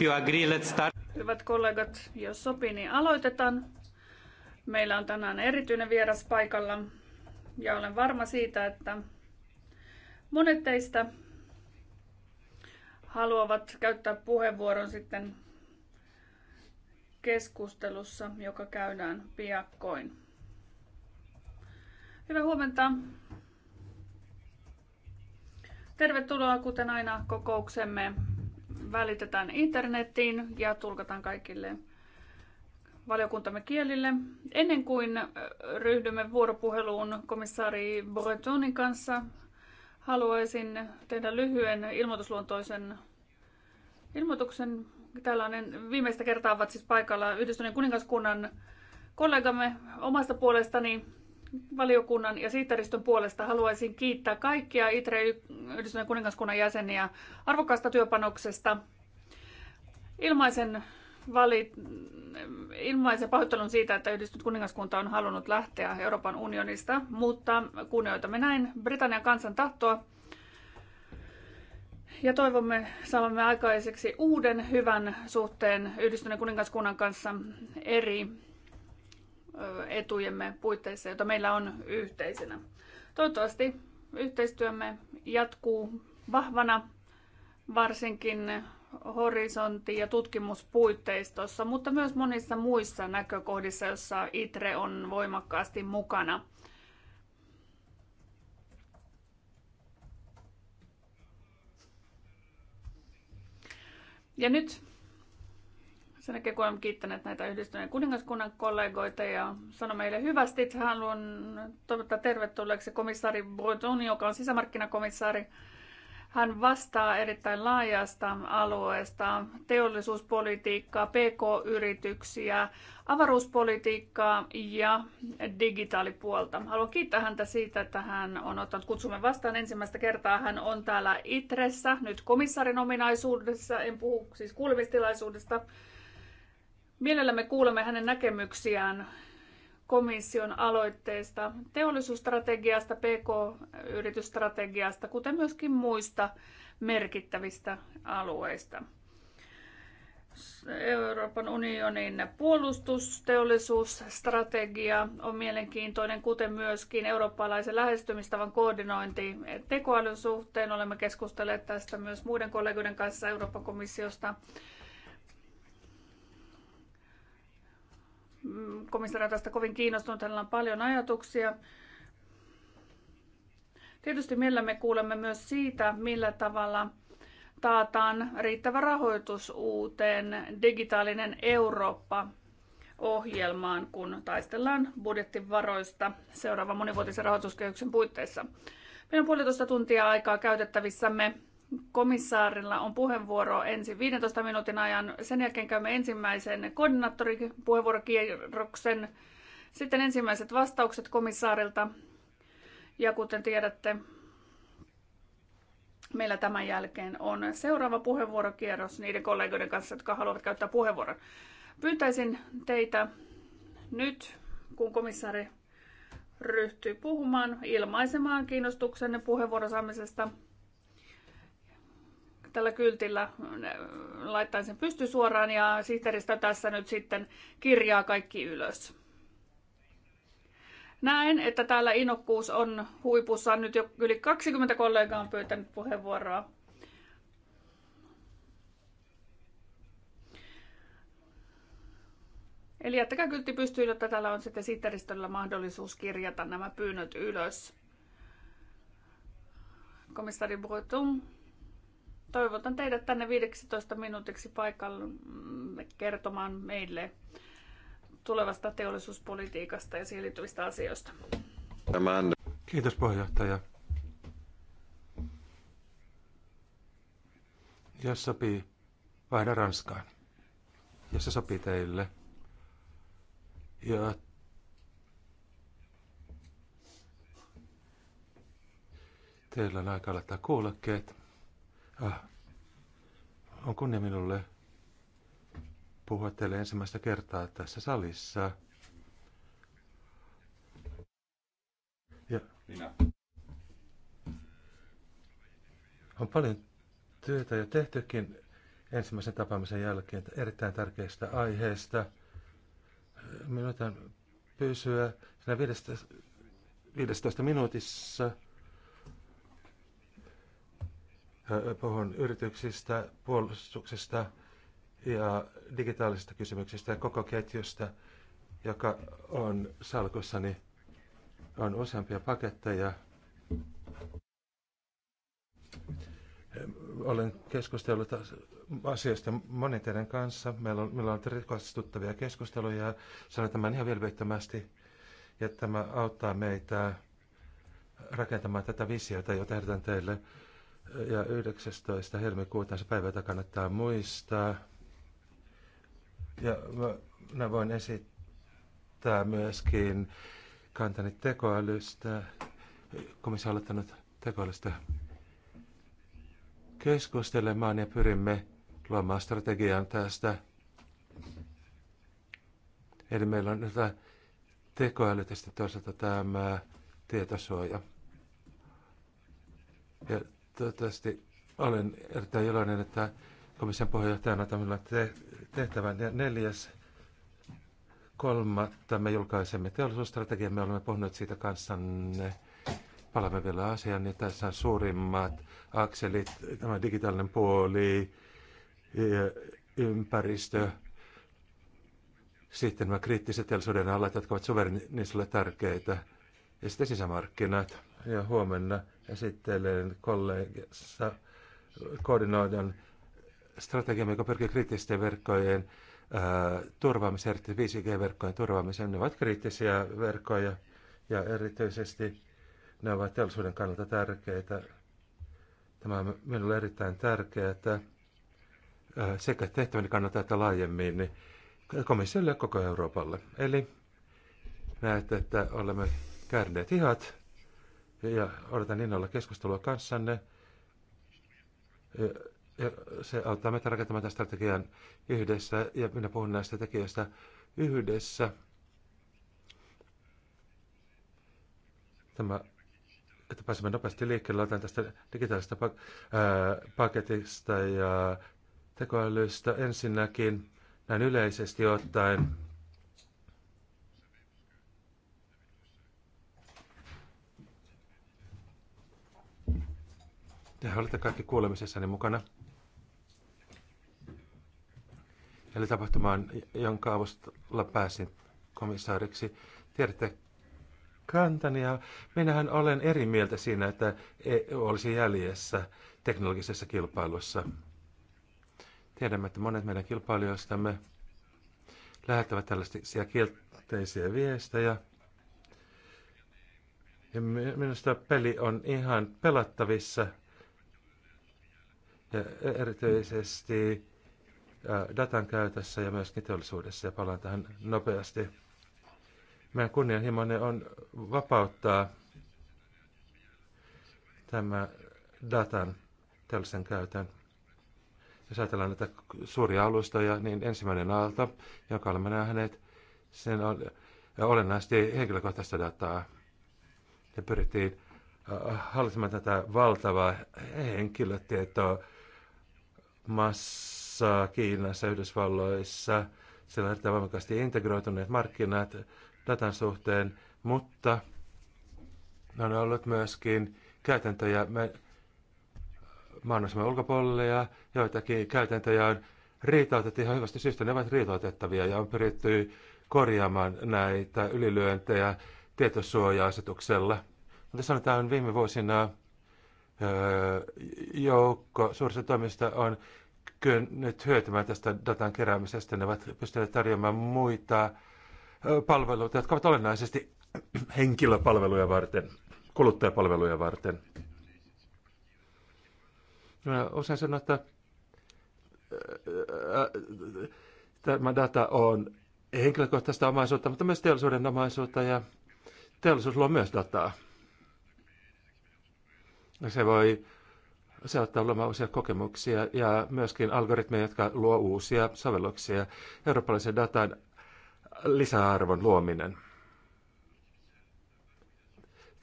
you agree, let's start. Hyvät kollegat, jos sopii, niin aloitetaan. Meillä on tänään erityinen vieras paikalla ja olen varma siitä, että monet teistä haluavat käyttää puheenvuoron sitten keskustelussa, joka käydään piakkoin. Hyvää huomenta. Tervetuloa kuten aina kokouksemme välitetään internetiin ja tulkataan kaikille valiokuntamme kielille. Ennen kuin ryhdymme vuoropuheluun komissaari Bretonin kanssa, haluaisin tehdä lyhyen ilmoitusluontoisen ilmoituksen. Tällainen viimeistä kertaa ovat siis paikalla yhdistyneen kuningaskunnan kollegamme omasta puolestani valiokunnan ja sihteeristön puolesta haluaisin kiittää kaikkia ITRE Yhdistyneen kuningaskunnan jäseniä arvokkaasta työpanoksesta. Ilmaisen, vali, ilmaisen pahoittelun siitä, että yhdistynyt kuningaskunta on halunnut lähteä Euroopan unionista, mutta kunnioitamme näin Britannian kansan tahtoa ja toivomme saamme aikaiseksi uuden hyvän suhteen yhdistyneen kuningaskunnan kanssa eri etujemme puitteissa, joita meillä on yhteisenä. Toivottavasti yhteistyömme jatkuu vahvana, varsinkin horisontti- ja tutkimuspuitteistossa, mutta myös monissa muissa näkökohdissa, joissa ITRE on voimakkaasti mukana. Ja nyt sen jälkeen kun olemme kiittäneet näitä yhdistyneen kuningaskunnan kollegoita ja sano meille hyvästi, että haluan toivottaa tervetulleeksi komissaari Breton, joka on sisämarkkinakomissaari. Hän vastaa erittäin laajasta alueesta, teollisuuspolitiikkaa, pk-yrityksiä, avaruuspolitiikkaa ja digitaalipuolta. Haluan kiittää häntä siitä, että hän on ottanut kutsumme vastaan ensimmäistä kertaa. Hän on täällä Itressä, nyt komissarin ominaisuudessa, en puhu siis kuulemistilaisuudesta, Mielellämme kuulemme hänen näkemyksiään komission aloitteista, teollisuusstrategiasta, pk-yritysstrategiasta, kuten myöskin muista merkittävistä alueista. Euroopan unionin puolustusteollisuusstrategia on mielenkiintoinen, kuten myöskin eurooppalaisen lähestymistavan koordinointi tekoälyn suhteen. Olemme keskustelleet tästä myös muiden kollegoiden kanssa Euroopan komissiosta. komissaari tästä kovin kiinnostunut, hänellä on paljon ajatuksia. Tietysti mielellämme kuulemme myös siitä, millä tavalla taataan riittävä rahoitus uuteen digitaalinen Eurooppa ohjelmaan, kun taistellaan budjettivaroista seuraavan monivuotisen rahoituskehyksen puitteissa. Meillä on puolitoista tuntia aikaa käytettävissämme komissaarilla on puheenvuoro ensin 15 minuutin ajan. Sen jälkeen käymme ensimmäisen koordinaattoripuheenvuorokierroksen. Sitten ensimmäiset vastaukset komissaarilta. Ja kuten tiedätte, meillä tämän jälkeen on seuraava puheenvuorokierros niiden kollegoiden kanssa, jotka haluavat käyttää puheenvuoron. Pyytäisin teitä nyt, kun komissaari ryhtyy puhumaan, ilmaisemaan kiinnostuksenne puheenvuoron saamisesta – tällä kyltillä mm, laittaa sen pystysuoraan ja sihteeristä tässä nyt sitten kirjaa kaikki ylös. Näen, että täällä innokkuus on huipussaan. Nyt jo yli 20 kollegaa on pyytänyt puheenvuoroa. Eli jättäkää kyltti pystyy, jotta täällä on sitten sihteeristöllä mahdollisuus kirjata nämä pyynnöt ylös. Komissari Breton Toivotan teidät tänne 15 minuutiksi paikalle kertomaan meille tulevasta teollisuuspolitiikasta ja siihen liittyvistä asioista. Tämän. Kiitos puheenjohtaja. Jos sopii, vaihda Ranskaan. Jos se sopii teille. Ja teillä on aika laittaa kuulokkeet. Ah, on kunnia minulle puhua teille ensimmäistä kertaa tässä salissa. Ja Minä. On paljon työtä jo tehtykin ensimmäisen tapaamisen jälkeen erittäin tärkeistä aiheesta Minä pysyä siinä 15, 15 minuutissa. Puhun yrityksistä, puolustuksesta ja digitaalisista kysymyksistä ja koko ketjusta, joka on salkussani. On useampia paketteja. Olen keskustellut asiasta monen teidän kanssa. Meillä on, meillä on rikastuttavia keskusteluja ja sanon tämän ihan vilpittömästi. että tämä auttaa meitä rakentamaan tätä visiota, jota tehdään teille ja 19. helmikuuta se päivä, jota kannattaa muistaa. Ja mä voin esittää myöskin kantani tekoälystä. Komissio on aloittanut tekoälystä keskustelemaan ja pyrimme luomaan strategian tästä. Eli meillä on nyt tekoäly ja toisaalta tämä tietosuoja. Ja Toivottavasti olen erittäin iloinen, että komission puheenjohtajana tämä tehtävän neljäs kolmatta me julkaisemme teollisuusstrategian. Me olemme puhuneet siitä kanssanne. Palaamme vielä asiaan, niin tässä on suurimmat akselit, tämä digitaalinen puoli, ympäristö, sitten nämä kriittiset teollisuuden alat, jotka ovat suverenisille tärkeitä, ja sitten sisämarkkinat. Ja huomenna esittelen kollegassa koordinoidan strategiamme, joka pyrkii kriittisten verkkojen turvaamiseen, erityisesti 5G-verkkojen turvaamiseen. Ne ovat kriittisiä verkkoja ja erityisesti ne ovat teollisuuden kannalta tärkeitä. Tämä on minulle erittäin tärkeää, että sekä tehtävän kannalta että laajemmin niin komissiolle ja koko Euroopalle. Eli näette, että olemme käärneet hihat ja odotan innolla keskustelua kanssanne. Ja se auttaa meitä rakentamaan tämän strategian yhdessä ja minä puhun näistä tekijöistä yhdessä. Tämä, että pääsemme nopeasti liikkeelle, otan tästä digitaalisesta pak- ää, paketista ja tekoälystä ensinnäkin näin yleisesti ottaen. Tehän olette kaikki kuulemisessani mukana. Eli tapahtumaan, jonka avustalla pääsin komissaariksi. Tiedätte kantani ja minähän olen eri mieltä siinä, että EU olisi jäljessä teknologisessa kilpailussa. Tiedämme, että monet meidän kilpailijoistamme lähettävät tällaisia kielteisiä viestejä. Ja minusta peli on ihan pelattavissa – ja erityisesti datan käytössä ja myöskin teollisuudessa, ja palaan tähän nopeasti. Meidän kunnianhimoinen on vapauttaa tämä datan teollisen käytön. Jos ajatellaan näitä suuria alustoja, niin ensimmäinen aalto, jonka olemme nähneet, sen on olennaisesti henkilökohtaista dataa. Ja pyrittiin hallitsemaan tätä valtavaa henkilötietoa massa Kiinassa, Yhdysvalloissa. Siellä on erittäin voimakkaasti integroituneet markkinat datan suhteen, mutta on ollut myöskin käytäntöjä me, maanosman ulkopuolelle ja joitakin käytäntöjä on riitautettu ihan hyvästä syystä. Ne ovat riitautettavia ja on pyritty korjaamaan näitä ylilyöntejä tietosuoja-asetuksella. Mutta sanotaan viime vuosina joukko suurista toimista on kyennyt hyötymään tästä datan keräämisestä. Ne ovat pystyneet tarjoamaan muita palveluita, jotka ovat olennaisesti henkilöpalveluja varten, kuluttajapalveluja varten. Mä usein sanon, että tämä data on henkilökohtaista omaisuutta, mutta myös teollisuuden omaisuutta ja teollisuus luo myös dataa. No se voi se ottaa luomaan uusia kokemuksia ja myöskin algoritmeja, jotka luo uusia sovelluksia. Eurooppalaisen datan lisäarvon luominen.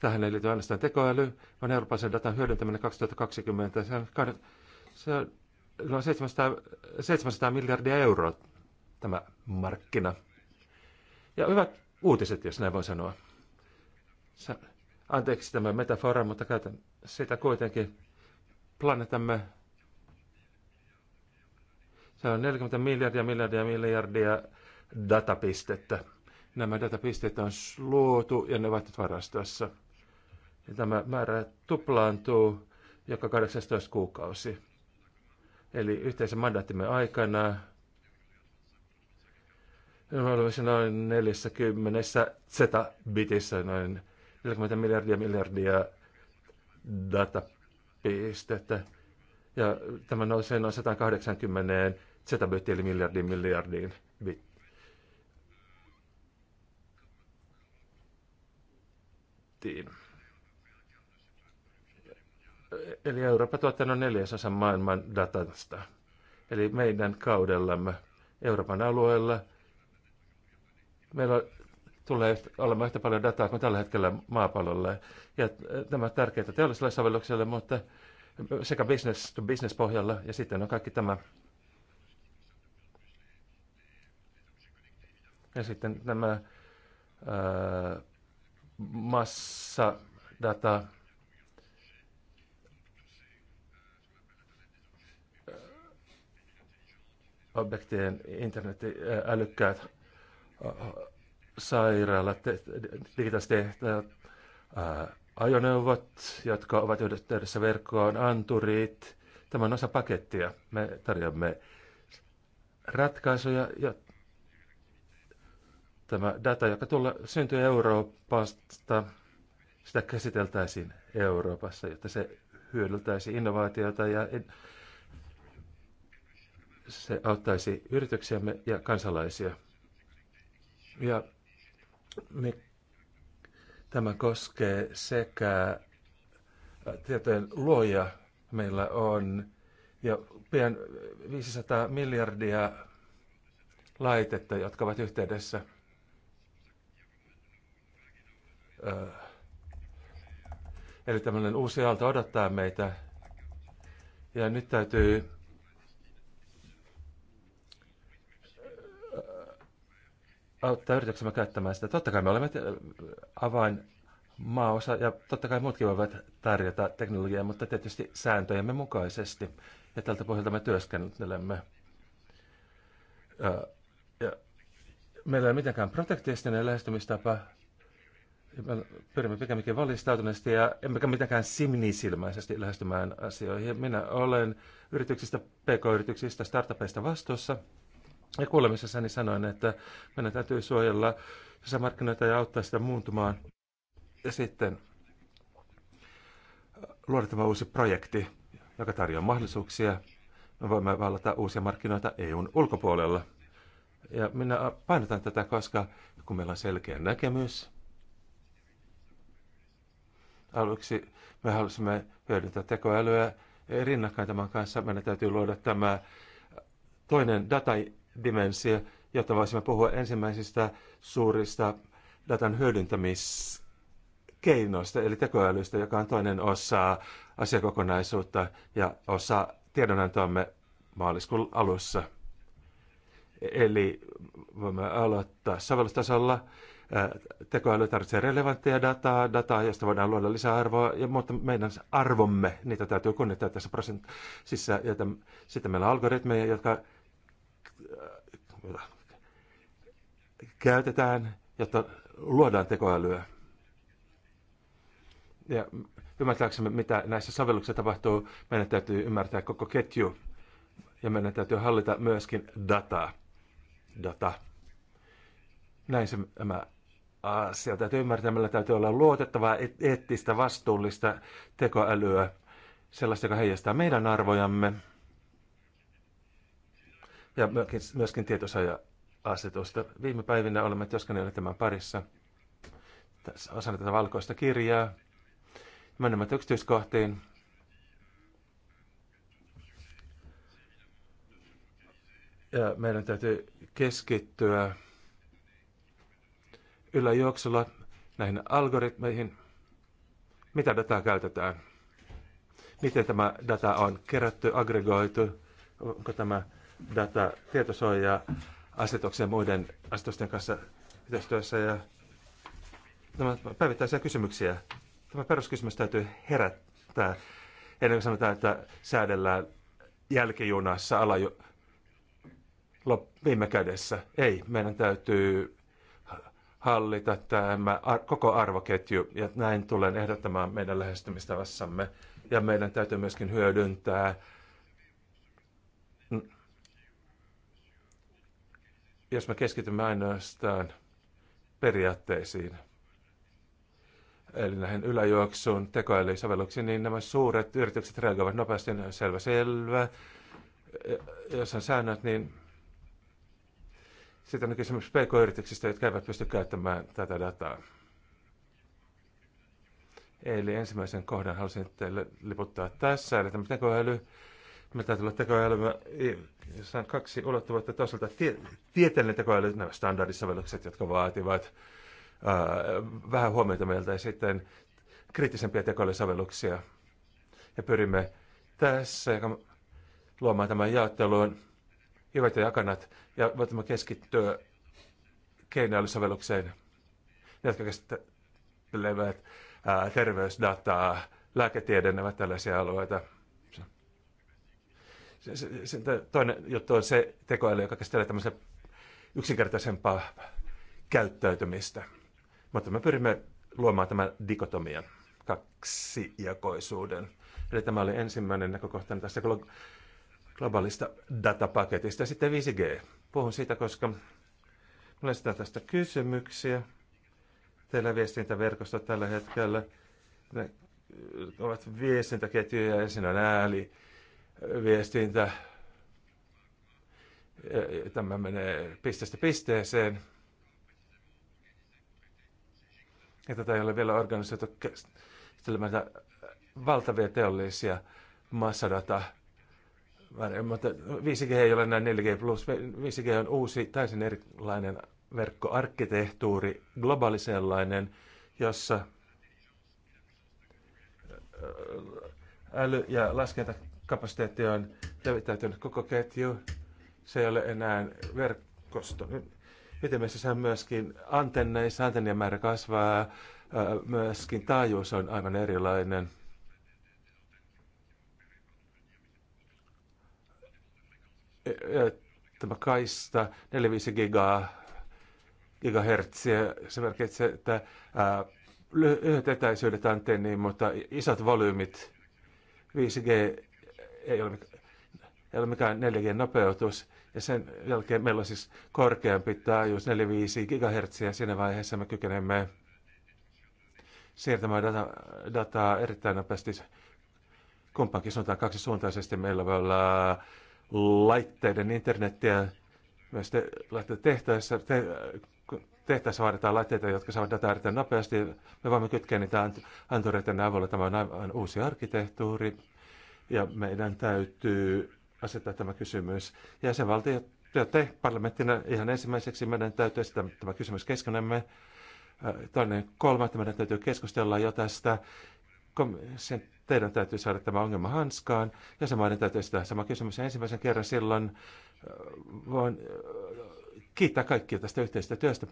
Tähän ei liity ainoastaan tekoäly, vaan eurooppalaisen datan hyödyntäminen 2020. Se on, se on no 700, 700 miljardia euroa tämä markkina. Ja hyvät uutiset, jos näin voi sanoa. Anteeksi tämä metafora, mutta käytän sitä kuitenkin. Planeetamme, se on 40 miljardia, miljardia, miljardia datapistettä. Nämä datapisteet on luotu ja ne ovat varastossa. Ja tämä määrä tuplaantuu joka 18 kuukausi. Eli yhteisen mandaattimme aikana me olemme noin 40 bitissä noin 40 miljardia miljardia datapistettä. Ja tämä nousee noin 180 zettabyttiin eli miljardiin miljardiin bit. Eli Eurooppa tuottaa noin neljäsosan maailman datasta. Eli meidän kaudellamme Euroopan alueella meillä on tulee olemaan yhtä paljon dataa kuin tällä hetkellä maapallolle. Ja on äh, tärkeää teolliselle sovellukselle, mutta äh, sekä business to business pohjalla ja sitten on kaikki tämä. Ja sitten nämä ää, äh, massadata, objektien internet, älykkäät sairaalat, digitaaliset ajoneuvot, jotka ovat yhteydessä verkkoon, anturit. Tämä on osa pakettia. Me tarjoamme ratkaisuja, ja tämä data, joka tulla, syntyy Euroopasta, sitä käsiteltäisiin Euroopassa, jotta se hyödyltäisi innovaatiota ja se auttaisi yrityksiämme ja kansalaisia. Ja Tämä koskee sekä tietojen luoja meillä on ja pian 500 miljardia laitetta, jotka ovat yhteydessä Eli tämmöinen uusi aalto odottaa meitä. Ja nyt täytyy auttaa yrityksemme käyttämään sitä. Totta kai me olemme avain maaosa ja totta kai muutkin voivat tarjota teknologiaa, mutta tietysti sääntöjemme mukaisesti. Ja tältä pohjalta me työskentelemme. Ja meillä ei ole mitenkään protektiivinen lähestymistapa. Me pyrimme pikemminkin valistautuneesti ja emmekä mitenkään simnisilmäisesti lähestymään asioihin. Minä olen yrityksistä, pk-yrityksistä, startupeista vastuussa – ja kuulemisessani sanoin, että meidän täytyy suojella sisämarkkinoita ja auttaa sitä muuntumaan. Ja sitten äh, luoda tämä uusi projekti, joka tarjoaa mahdollisuuksia. Me voimme vallata uusia markkinoita EUn ulkopuolella. Ja minä painotan tätä, koska kun meillä on selkeä näkemys, aluksi me halusimme hyödyntää tekoälyä rinnakkain tämän kanssa. Meidän täytyy luoda tämä toinen data dimensio, jotta voisimme puhua ensimmäisistä suurista datan hyödyntämiskeinoista, eli tekoälystä, joka on toinen osa asiakokonaisuutta ja osa tiedonantoamme maaliskuun alussa. Eli voimme aloittaa sovellustasolla. Tekoäly tarvitsee relevanttia dataa, dataa, josta voidaan luoda lisäarvoa, ja, mutta meidän arvomme, niitä täytyy kunnittaa tässä prosentissa. Ja sitä meillä on algoritmeja, jotka käytetään, jotta luodaan tekoälyä. Ja ymmärtääksemme, mitä näissä sovelluksissa tapahtuu, meidän täytyy ymmärtää koko ketju ja meidän täytyy hallita myöskin dataa. Data. Näin se mä asia. Täytyy ymmärtää, meillä täytyy olla luotettavaa, eettistä, vastuullista tekoälyä, sellaista, joka heijastaa meidän arvojamme – ja myöskin, myöskin tietosuoja-asetusta. Viime päivinä olemme työskennelleet tämän parissa Tässä osana tätä valkoista kirjaa. Menemme yksityiskohtiin. Ja meidän täytyy keskittyä yläjuoksulla näihin algoritmeihin, mitä dataa käytetään, miten tämä data on kerätty, aggregoitu, onko tämä data tietosuojaa asetuksen ja muiden asetusten kanssa yhteistyössä ja nämä päivittäisiä kysymyksiä. Tämä peruskysymys täytyy herättää ennen kuin sanotaan, että säädellään jälkijunassa ala jo viime kädessä. Ei, meidän täytyy hallita tämä koko arvoketju ja näin tulen ehdottamaan meidän lähestymistavassamme. Ja meidän täytyy myöskin hyödyntää jos me keskitymme ainoastaan periaatteisiin, eli näihin yläjuoksuun tekoälysovelluksiin, niin nämä suuret yritykset reagoivat nopeasti, selvä, selvä. Jos on säännöt, niin sitten on kysymys pk-yrityksistä, jotka eivät pysty käyttämään tätä dataa. Eli ensimmäisen kohdan halusin teille liputtaa tässä, eli tämä tekoäly me täytyy olla tekoälyä, jossa on kaksi ulottuvuutta. Toisaalta tie, tieteellinen tekoäly, nämä standardisovellukset, jotka vaativat ää, vähän huomiota meiltä, ja sitten kriittisempiä tekoälysovelluksia. Ja pyrimme tässä luomaan tämän jaotteluun hyvät ja jakanat, ja voimme keskittyä keinoälysovellukseen, jotka käsittelevät terveysdataa, lääketiede, nämä tällaisia alueita sen toinen juttu on se tekoäly, joka käsittelee tämmöistä yksinkertaisempaa käyttäytymistä. Mutta me pyrimme luomaan tämän dikotomian, kaksijakoisuuden. Eli tämä oli ensimmäinen näkökohta tästä globaalista datapaketista. Sitten 5G. Puhun siitä, koska minulla sitä tästä kysymyksiä. Teillä viestintäverkosto tällä hetkellä ne ovat viestintäketjuja, ensin on ääli, viestintä. Tämä menee pisteestä pisteeseen. Ja tätä ei ole vielä organisoitu käsittelemään valtavia teollisia massadata. Eh, mutta 5G ei ole näin 4G+. 5G on uusi, täysin erilainen verkkoarkkitehtuuri, globaali sellainen, jossa eh, äly- ja laskenta kapasiteetti on levittäytynyt koko ketju. Se ei ole enää verkosto. Miten me on myöskin antenneissa, antennien määrä kasvaa, myöskin taajuus on aivan erilainen. E, e, tämä kaista 4-5 giga, gigahertsiä, se merkitsee, että lyhyet etäisyydet antenniin, mutta isot volyymit 5G ei ole, ei ole mikään 4G-nopeutus. Ja sen jälkeen meillä on siis korkeampi taajuus, 4-5 GHz, ja siinä vaiheessa me kykenemme siirtämään data, dataa erittäin nopeasti kumpaankin suuntaan kaksisuuntaisesti. Meillä voi olla laitteiden internettiä myös te, tehtäessä, te, tehtäessä vaaditaan laitteita, jotka saavat dataa erittäin nopeasti. Me voimme kytkeä niitä antureiden avulla. Tämä on aivan uusi arkkitehtuuri. Ja meidän täytyy asettaa tämä kysymys. jäsenvaltio ja te parlamenttina ihan ensimmäiseksi meidän täytyy esittää tämä kysymys keskenämme. Äh, toinen kolmatta meidän täytyy keskustella jo tästä. Sen, teidän täytyy saada tämä ongelma hanskaan. maiden täytyy esittää sama kysymys. ensimmäisen kerran silloin äh, voin äh, kiittää kaikkia tästä yhteisestä työstä.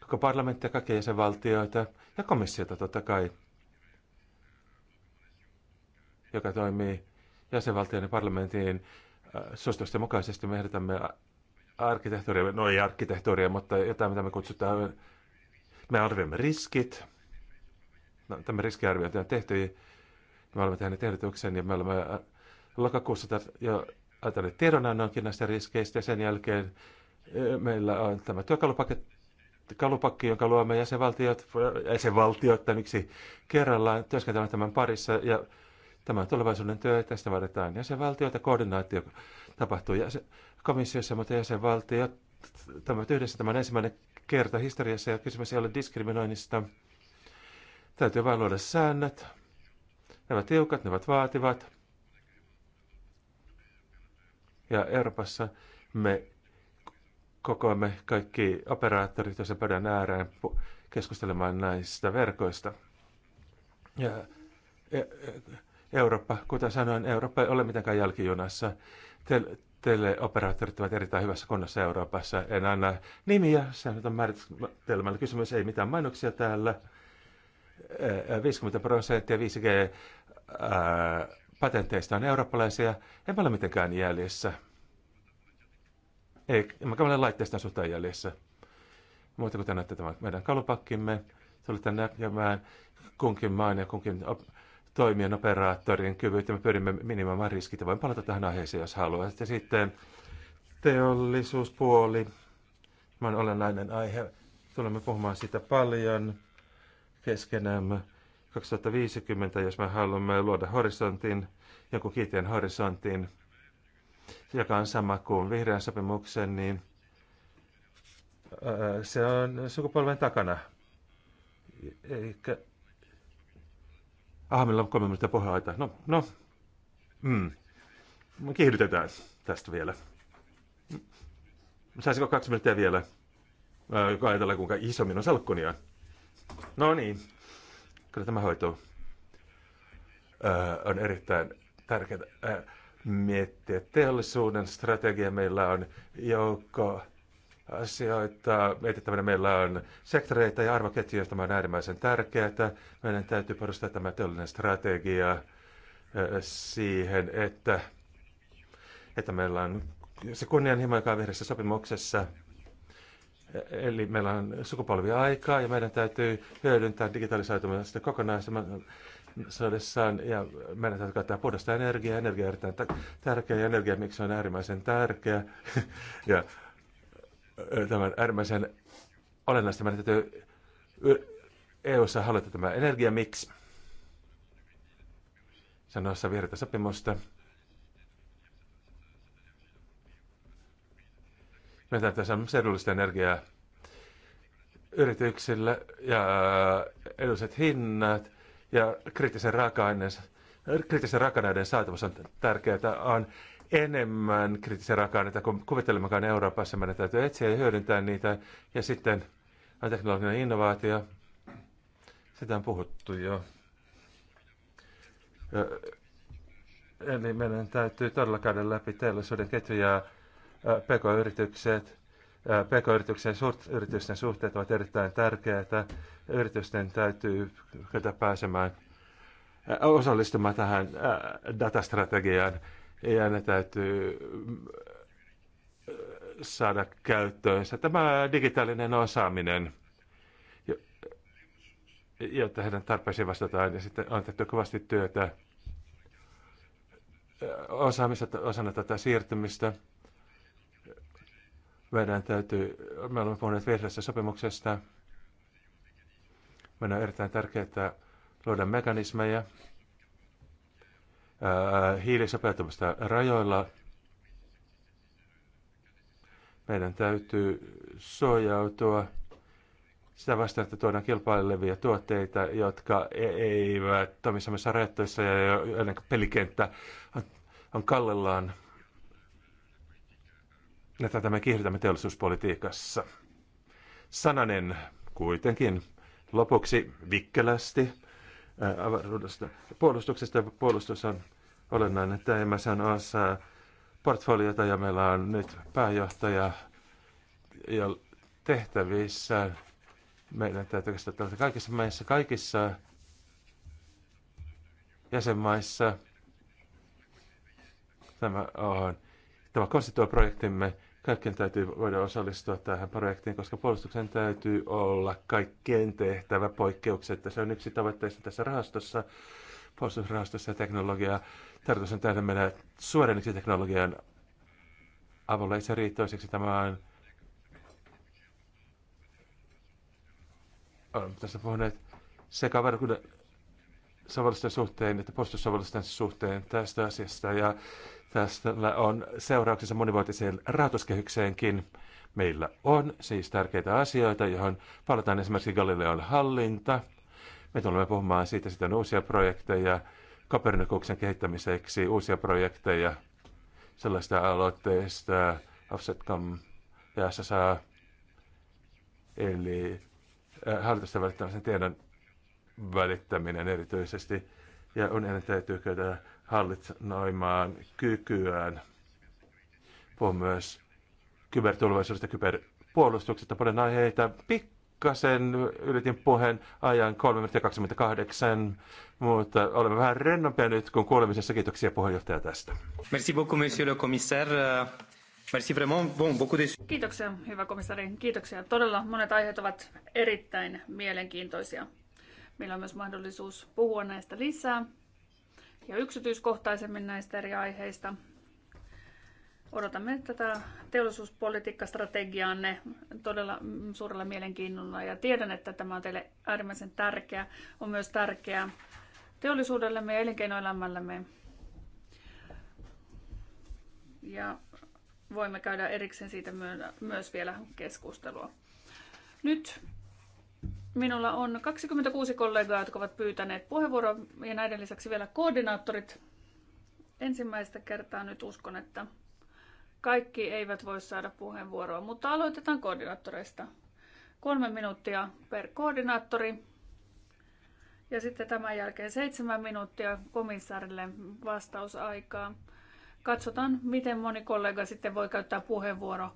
Koko parlamenttia, kaikkia jäsenvaltioita ja komissiota totta kai joka toimii jäsenvaltioiden parlamentin äh, suositusten mukaisesti. Me ehdotamme arkkitehtuuria, no ei arkkitehtuuria, mutta jotain, mitä me kutsutaan, me arvioimme riskit. No, tämä riskiarviointi on tehty, me olemme tehneet ehdotuksen ja me olemme äh, lokakuussa jo antaneet tiedonannonkin näistä riskeistä ja sen jälkeen äh, meillä on tämä työkalupaketti, kalupakki, jonka luomme jäsenvaltiot, jäsenvaltiot, yksi kerrallaan työskentelemme tämän parissa ja Tämä on tulevaisuuden työ, tästä vaaditaan jäsenvaltioita, koordinaatio tapahtuu jäsen, komissiossa, mutta jäsenvaltiot tämä yhdessä tämän ensimmäinen kerta historiassa ja kysymys ei ole diskriminoinnista. Täytyy vain luoda säännöt. Ne ovat tiukat, ne ovat vaativat. Ja Euroopassa me kokoamme kaikki operaattorit tuossa pöydän ääreen keskustelemaan näistä verkoista. Ja, ja, ja Eurooppa, kuten sanoin, Eurooppa ei ole mitenkään jälkijunassa. tele teleoperaattorit ovat erittäin hyvässä kunnossa Euroopassa. En anna nimiä, se on määritelmällä kysymys, ei mitään mainoksia täällä. 50 prosenttia 5G patenteista on eurooppalaisia. En ole mitenkään jäljessä. Ei, mä olen laitteista suhteen jäljessä. Muuten kuin te näette tämän meidän kalupakkimme, tänne näkemään kunkin maan ja kunkin op- toimijan operaattorin kyvyt ja me pyrimme minimoimaan riskit. Voin palata tähän aiheeseen, jos haluat. Ja sitten teollisuuspuoli. Tämä on olennainen aihe. Tulemme puhumaan siitä paljon keskenämme. 2050, jos me haluamme luoda horisontin, jonkun kiinteän horisontin, joka on sama kuin vihreän sopimuksen, niin se on sukupolven takana. Eikä Ah, meillä on kolme minuuttia pohja No, no. Mm. Kiihdytetään tästä vielä. Saisiko kaksi minuuttia vielä? Ää, äh, joka ajatellaan, kuinka iso minun salkkuni on. No niin. Kyllä tämä hoito äh, on erittäin tärkeää ää, äh, miettiä teollisuuden strategia. Meillä on joukko asioita mietittävänä. Meillä on sektoreita ja arvoketjuja, tämä on äärimmäisen tärkeää. Meidän täytyy perustaa tämä teollinen strategia eh, siihen, että, että meillä on se kunnianhimo, joka on vihreässä sopimuksessa. Eh, eli meillä on sukupolvia aikaa ja meidän täytyy hyödyntää digitalisoitumista kokonaisuudessaan ja meidän täytyy käyttää puhdasta energiaa. Energia on erittäin tärkeä ja miksi on äärimmäisen tärkeä. ja tämän äärimmäisen olennaista. Meidän EU-ssa hallita tämä energiamiksi. Sanoissa vihreätä sopimusta. Meidän tässä on edullista energiaa yrityksille ja edulliset hinnat ja kriittisen raaka-aineen kriittisen raaka-aineen saatavuus on tärkeää. On enemmän kriittisiä raaka-aineita kuin kuvittelemmekaan Euroopassa. Meidän täytyy etsiä ja hyödyntää niitä. Ja sitten on teknologinen innovaatio. Sitä on puhuttu jo. Eli meidän täytyy todella käydä läpi teollisuuden ketjuja, pk-yritykset, PK-yrityksien yritysten suhteet ovat erittäin tärkeitä. Yritysten täytyy kyetä pääsemään osallistumaan tähän datastrategiaan. Ei aina täytyy saada käyttöönsä tämä digitaalinen osaaminen, jotta heidän tarpeisiin vastataan. Ja sitten on tehty kovasti työtä osaamista osana tätä siirtymistä. Meidän täytyy, me olemme puhuneet vihreästä sopimuksesta. Meidän on erittäin tärkeää luoda mekanismeja, hiilisopeutumista rajoilla. Meidän täytyy suojautua sitä vastaan, että tuodaan kilpailevia tuotteita, jotka e- eivät toimissa rajoittuissa ja kuin pelikenttä on, on kallellaan. Ja tätä me kiihdytämme teollisuuspolitiikassa. Sananen kuitenkin lopuksi vikkelästi avaruudesta. Puolustuksesta puolustus on olennainen, teema. Se on osa portfoliota ja meillä on nyt pääjohtaja ja tehtävissä. Meidän täytyy käsitellä kaikissa maissa, kaikissa jäsenmaissa. Tämä on tämä konstituoprojektimme projektimme kaikkien täytyy voida osallistua tähän projektiin, koska puolustuksen täytyy olla kaikkien tehtävä poikkeuksetta. Se on yksi tavoitteista tässä rahastossa, puolustusrahastossa ja teknologiaa. Tarkoitus on täynnä mennä suoraan teknologian avulla itse riittoiseksi. Tämä on olemme tässä puhuneet sekä varakunnan sovellusten suhteen että puolustussovellusten suhteen tästä asiasta. Ja Tästä on seurauksensa monivuotiseen rahoituskehykseenkin. Meillä on siis tärkeitä asioita, johon palataan esimerkiksi Galileon hallinta. Me tulemme puhumaan siitä sitten uusia projekteja, Kopernikuksen kehittämiseksi uusia projekteja, sellaista aloitteista, Offsetcom ja SSA, eli äh, hallitusten välittämisen tiedon välittäminen erityisesti. Ja ennen täytyy käydä hallitsemaan kykyään. Puhun myös kyberturvallisuudesta, kyberpuolustuksesta. Paljon aiheita pikkasen yritin puheen ajan 3 minuuttia 28, mutta olemme vähän rennompia nyt kuin kuulemisessa. Kiitoksia puheenjohtaja tästä. Merci beaucoup, monsieur le commissaire. Merci vraiment. Bon, beaucoup de... Kiitoksia, hyvä komissari. Kiitoksia. Todella monet aiheet ovat erittäin mielenkiintoisia. Meillä on myös mahdollisuus puhua näistä lisää ja yksityiskohtaisemmin näistä eri aiheista. Odotamme tätä teollisuuspolitiikkastrategiaanne todella mm, suurella mielenkiinnolla ja tiedän, että tämä on teille äärimmäisen tärkeä. On myös tärkeää teollisuudellemme ja elinkeinoelämällemme. Ja voimme käydä erikseen siitä myös vielä keskustelua. Nyt Minulla on 26 kollegaa, jotka ovat pyytäneet puheenvuoroa ja näiden lisäksi vielä koordinaattorit. Ensimmäistä kertaa nyt uskon, että kaikki eivät voi saada puheenvuoroa, mutta aloitetaan koordinaattoreista. Kolme minuuttia per koordinaattori. Ja sitten tämän jälkeen seitsemän minuuttia komissaarille vastausaikaa. Katsotaan, miten moni kollega sitten voi käyttää puheenvuoro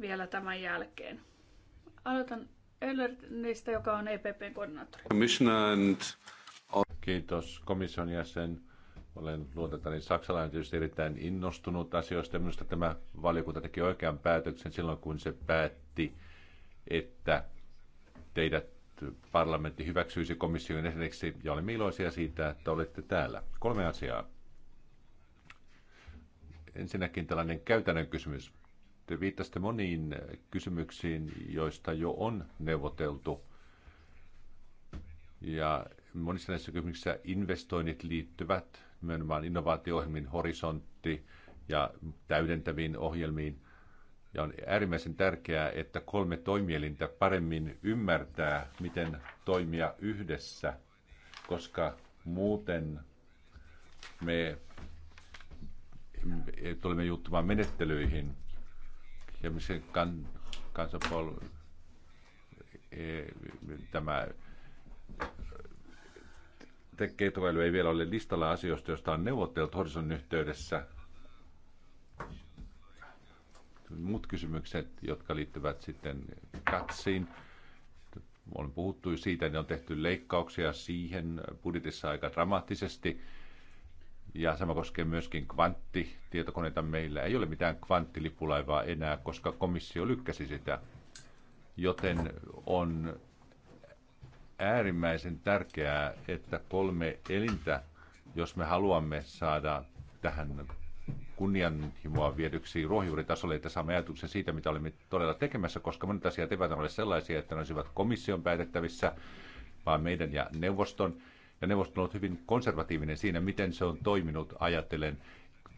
vielä tämän jälkeen. Aloitan niistä, joka on EPPn koordinaattori. Kiitos komission jäsen. Olen luotettani saksalainen tietysti erittäin innostunut asioista. Minusta tämä valiokunta teki oikean päätöksen silloin, kun se päätti, että teidät parlamentti hyväksyisi komission jäseneksi ja olemme iloisia siitä, että olette täällä. Kolme asiaa. Ensinnäkin tällainen käytännön kysymys. Te viittasitte moniin kysymyksiin, joista jo on neuvoteltu. Ja monissa näissä kysymyksissä investoinnit liittyvät nimenomaan innovaatio horisontti ja täydentäviin ohjelmiin. Ja on äärimmäisen tärkeää, että kolme toimielintä paremmin ymmärtää, miten toimia yhdessä, koska muuten me tulemme juttumaan menettelyihin, ja missä kan, kansanpol, e, tämä keitoväily ei vielä ole listalla asioista, joista on neuvotteltu Horson yhteydessä. Muut kysymykset, jotka liittyvät sitten katsiin. On puhuttu siitä, että on tehty leikkauksia siihen budjetissa aika dramaattisesti – ja sama koskee myöskin kvanttitietokoneita. Meillä ei ole mitään kvanttilipulaivaa enää, koska komissio lykkäsi sitä. Joten on äärimmäisen tärkeää, että kolme elintä, jos me haluamme saada tähän kunnianhimoa viedyksi ruohonjuuritasolle, että saamme ajatuksen siitä, mitä olemme todella tekemässä, koska monet asiat eivät ole sellaisia, että ne olisivat komission päätettävissä, vaan meidän ja neuvoston ja neuvosto on hyvin konservatiivinen siinä, miten se on toiminut, ajatellen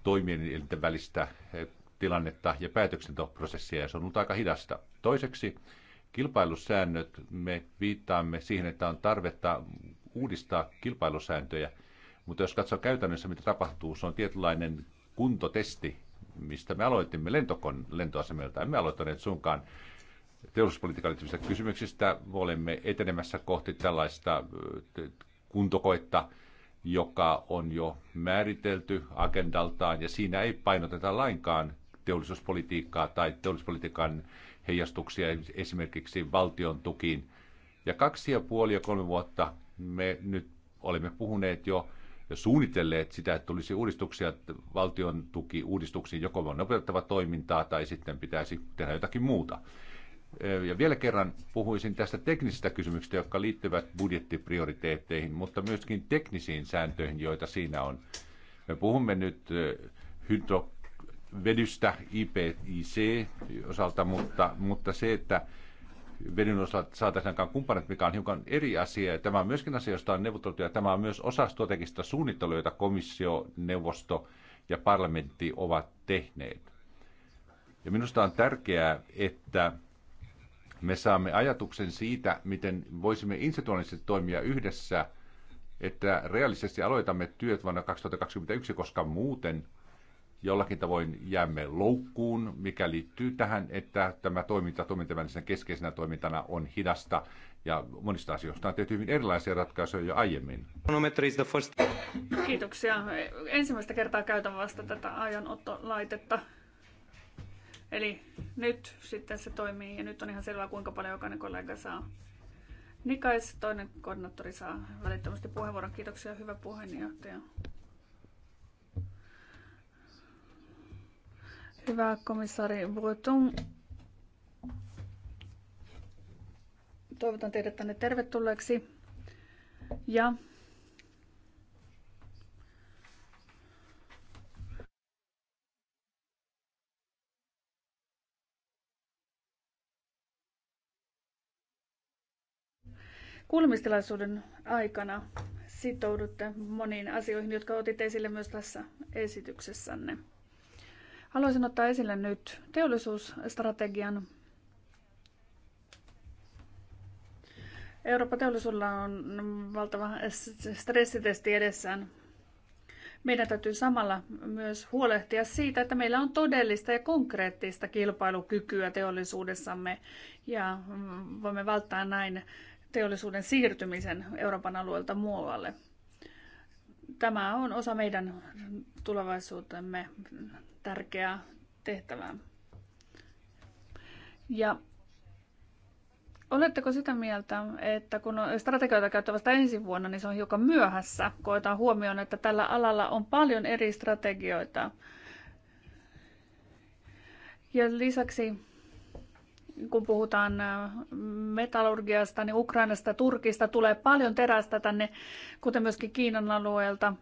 toimielinten välistä eh, tilannetta ja päätöksentoprosessia, ja se on ollut aika hidasta. Toiseksi kilpailusäännöt, me viittaamme siihen, että on tarvetta uudistaa kilpailusääntöjä, mutta jos katsoo käytännössä, mitä tapahtuu, se on tietynlainen kuntotesti, mistä me aloitimme lentokon lentoasemilta. Emme aloittaneet sunkaan teollisuuspolitiikan liittyvistä kysymyksistä. Olemme etenemässä kohti tällaista eh, kuntokoetta, joka on jo määritelty agendaltaan, ja siinä ei painoteta lainkaan teollisuuspolitiikkaa tai teollisuuspolitiikan heijastuksia esimerkiksi valtion tukiin. Ja kaksi ja puoli ja kolme vuotta me nyt olemme puhuneet jo ja suunnitelleet sitä, että tulisi uudistuksia että valtion tuki uudistuksiin, joko on nopeuttava toimintaa tai sitten pitäisi tehdä jotakin muuta. Ja vielä kerran puhuisin tästä teknisistä kysymyksistä, jotka liittyvät budjettiprioriteetteihin, mutta myöskin teknisiin sääntöihin, joita siinä on. Me puhumme nyt hydrovedystä IPIC osalta, mutta, mutta se, että vedyn osalta saataisiin aikaan kumppanit, mikä on hiukan eri asia. Tämä on myöskin asia, josta on neuvoteltu, ja tämä on myös osa strategista suunnittelua, jota komissio, neuvosto ja parlamentti ovat tehneet. Ja minusta on tärkeää, että me saamme ajatuksen siitä, miten voisimme institutionaalisesti toimia yhdessä, että realistisesti aloitamme työt vuonna 2021, koska muuten jollakin tavoin jäämme loukkuun, mikä liittyy tähän, että tämä toiminta toimintavälisenä keskeisenä toimintana on hidasta ja monista asioista on tehty hyvin erilaisia ratkaisuja jo aiemmin. Kiitoksia. Ensimmäistä kertaa käytän vasta tätä ajanottolaitetta. Eli nyt sitten se toimii ja nyt on ihan selvää, kuinka paljon jokainen kollega saa. Nikais, toinen koordinaattori, saa välittömästi puheenvuoron. Kiitoksia, hyvä puheenjohtaja. Hyvä komissaari Breton. Toivotan teidät tänne tervetulleeksi. Ja kuulemistilaisuuden aikana sitoudutte moniin asioihin, jotka otitte esille myös tässä esityksessänne. Haluaisin ottaa esille nyt teollisuusstrategian. Euroopan teollisuudella on valtava stressitesti edessään. Meidän täytyy samalla myös huolehtia siitä, että meillä on todellista ja konkreettista kilpailukykyä teollisuudessamme ja voimme välttää näin teollisuuden siirtymisen Euroopan alueelta muualle. Tämä on osa meidän tulevaisuutemme tärkeää tehtävää. Ja Oletteko sitä mieltä, että kun on strategioita käyttävästä ensi vuonna, niin se on hiukan myöhässä, koetaan huomioon, että tällä alalla on paljon eri strategioita. Ja lisäksi kun puhutaan äh, metallurgiasta, niin Ukrainasta ja Turkista tulee paljon terästä tänne, kuten myöskin Kiinan alueelta.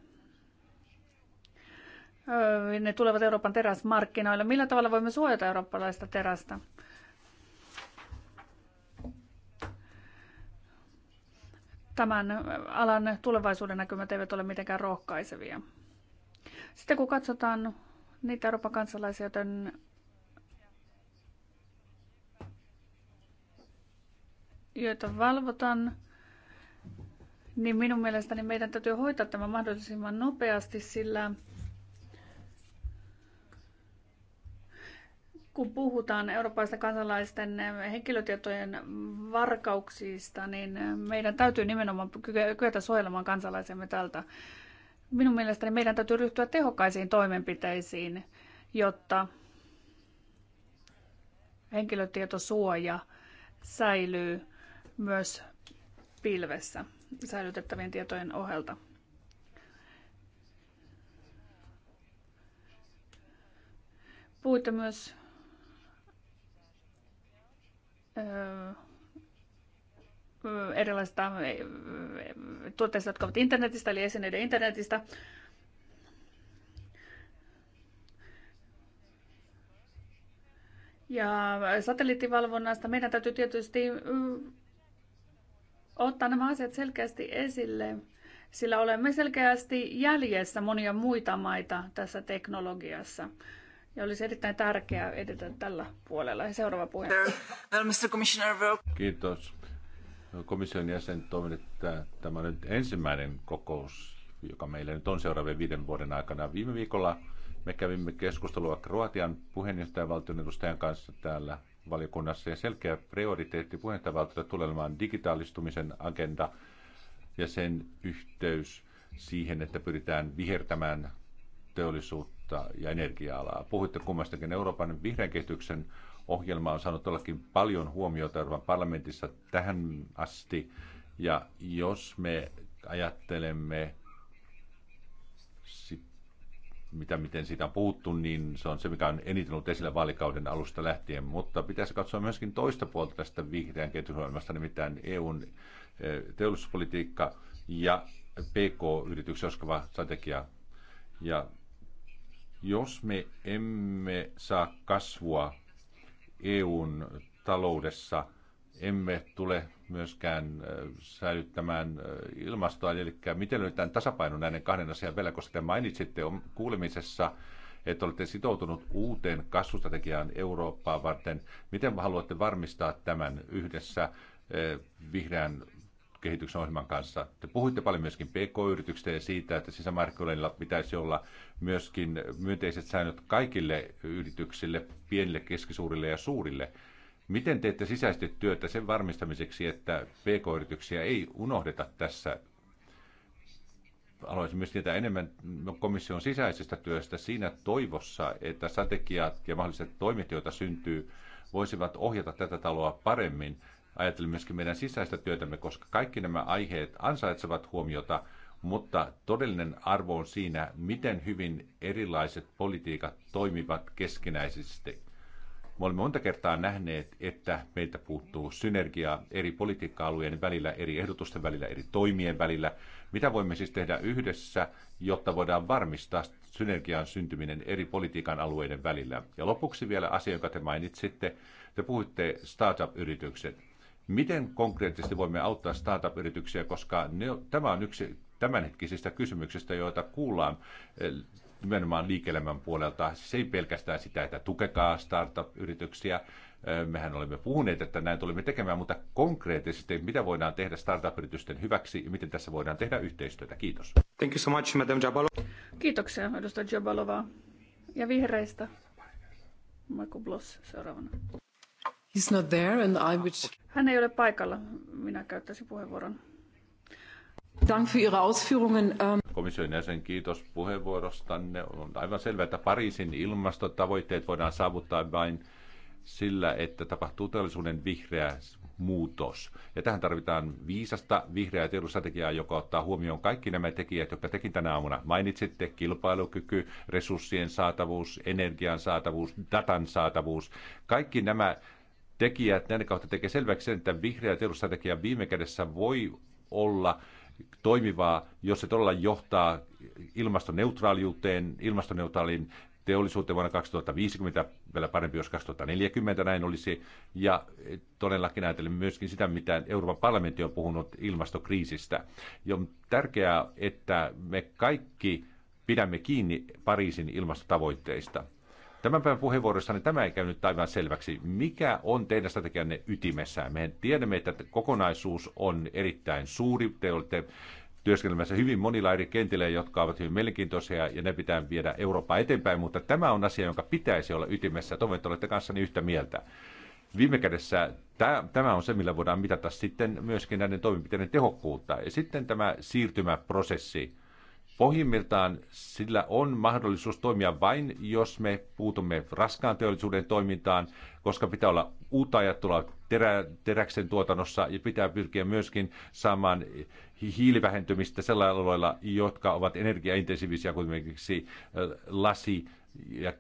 Ne tulevat Euroopan teräsmarkkinoille. Millä tavalla voimme suojata eurooppalaista terästä? Tämän alan tulevaisuuden näkymät eivät ole mitenkään rohkaisevia. Sitten kun katsotaan niitä Euroopan kansalaisia, joiden joita valvotaan, niin minun mielestäni meidän täytyy hoitaa tämä mahdollisimman nopeasti, sillä kun puhutaan eurooppalaisten kansalaisten henkilötietojen varkauksista, niin meidän täytyy nimenomaan kyetä suojelemaan kansalaisemme tältä. Minun mielestäni meidän täytyy ryhtyä tehokkaisiin toimenpiteisiin, jotta henkilötietosuoja säilyy myös pilvessä säilytettävien tietojen ohelta. Puhuitte myös erilaisista tuotteista, jotka ovat internetistä, eli esineiden internetistä. Ja satelliittivalvonnasta meidän täytyy tietysti ottaa nämä asiat selkeästi esille, sillä olemme selkeästi jäljessä monia muita maita tässä teknologiassa. Ja olisi erittäin tärkeää edetä tällä puolella. Ja seuraava puhe. Kiitos. Komission jäsen toivon, että tämä on nyt ensimmäinen kokous, joka meillä nyt on seuraavien viiden vuoden aikana. Viime viikolla me kävimme keskustelua Kroatian puheenjohtajavaltion edustajan kanssa täällä valiokunnassa ja selkeä prioriteetti puheenjohtajavaltiolta tulee olemaan digitaalistumisen agenda ja sen yhteys siihen, että pyritään vihertämään teollisuutta ja energia-alaa. Puhuitte kummastakin Euroopan vihreän kehityksen ohjelma on saanut todellakin paljon huomiota Euroopan parlamentissa tähän asti. Ja jos me ajattelemme sit mitä miten siitä on puhuttu, niin se on se, mikä on eniten ollut esillä vaalikauden alusta lähtien. Mutta pitäisi katsoa myöskin toista puolta tästä vihreän kehitysohjelmasta, nimittäin EUn e, teollisuuspolitiikka ja pk yrityksen oskava strategia. Ja jos me emme saa kasvua EUn taloudessa emme tule myöskään äh, säilyttämään äh, ilmastoa, eli miten löydetään tasapaino näiden kahden asian välillä, koska te mainitsitte kuulemisessa, että olette sitoutunut uuteen kasvustrategiaan Eurooppaa varten. Miten haluatte varmistaa tämän yhdessä äh, vihreän kehityksen ohjelman kanssa? Te puhuitte paljon myöskin PK-yrityksistä ja siitä, että sisämarkkinoilla pitäisi olla myöskin myönteiset säännöt kaikille yrityksille, pienille, keskisuurille ja suurille – Miten teette sisäisesti työtä sen varmistamiseksi, että PK-yrityksiä ei unohdeta tässä? Haluaisin myös tietää enemmän komission sisäisestä työstä siinä toivossa, että strategiat ja mahdolliset toimet, joita syntyy, voisivat ohjata tätä taloa paremmin. Ajattelin myöskin meidän sisäistä työtämme, koska kaikki nämä aiheet ansaitsevat huomiota, mutta todellinen arvo on siinä, miten hyvin erilaiset politiikat toimivat keskinäisesti me olemme monta kertaa nähneet, että meiltä puuttuu synergiaa eri politiikka-alueiden välillä, eri ehdotusten välillä, eri toimien välillä. Mitä voimme siis tehdä yhdessä, jotta voidaan varmistaa synergian syntyminen eri politiikan alueiden välillä? Ja lopuksi vielä asia, jonka te mainitsitte. Te puhuitte startup-yritykset. Miten konkreettisesti voimme auttaa startup-yrityksiä, koska ne, tämä on yksi tämänhetkisistä kysymyksistä, joita kuullaan nimenomaan liike-elämän puolelta. Siis ei pelkästään sitä, että tukekaa startup-yrityksiä. Mehän olemme puhuneet, että näin tulemme tekemään, mutta konkreettisesti, mitä voidaan tehdä startup-yritysten hyväksi ja miten tässä voidaan tehdä yhteistyötä? Kiitos. Thank you so much, Madam Jabalo. Kiitoksia, edustaja Jabalova. Ja vihreistä. Michael Bloss seuraavana. He's not there and I would... Hän ei ole paikalla. Minä käyttäisin puheenvuoron. Dank für Ihre Ausführungen. Ähm, Komission jäsen, kiitos puheenvuorostanne. On aivan selvää, että Pariisin ilmastotavoitteet voidaan saavuttaa vain sillä, että tapahtuu teollisuuden vihreä muutos. Ja tähän tarvitaan viisasta vihreää teollisuusstrategiaa, joka ottaa huomioon kaikki nämä tekijät, jotka tekin tänä aamuna mainitsitte. Kilpailukyky, resurssien saatavuus, energian saatavuus, datan saatavuus. Kaikki nämä tekijät näiden kautta tekee selväksi sen, että vihreä teollisuusstrategia viime kädessä voi olla – toimivaa, jos se todella johtaa ilmastoneutraaliuteen, ilmastoneutraaliin teollisuuteen vuonna 2050, vielä parempi jos 2040 näin olisi. Ja todellakin ajatellen myöskin sitä, mitä Euroopan parlamentti on puhunut ilmastokriisistä. Ja on tärkeää, että me kaikki pidämme kiinni Pariisin ilmastotavoitteista. Tämän päivän puheenvuorossa niin tämä ei käynyt aivan selväksi. Mikä on teidän strategianne ytimessä? Me tiedämme, että kokonaisuus on erittäin suuri. Te olette työskentelemässä hyvin monilla eri kentillä, jotka ovat hyvin mielenkiintoisia ja ne pitää viedä Eurooppaa eteenpäin, mutta tämä on asia, jonka pitäisi olla ytimessä. Toivon, että olette kanssani yhtä mieltä. Viime kädessä tämä on se, millä voidaan mitata sitten myöskin näiden toimenpiteiden tehokkuutta. Ja sitten tämä siirtymäprosessi Pohjimmiltaan sillä on mahdollisuus toimia vain, jos me puutumme raskaan teollisuuden toimintaan, koska pitää olla uutta ajattelua terä, teräksen tuotannossa ja pitää pyrkiä myöskin saamaan hiilivähentymistä sellaisilla aloilla, jotka ovat energiaintensiivisiä, kuin esimerkiksi lasi ja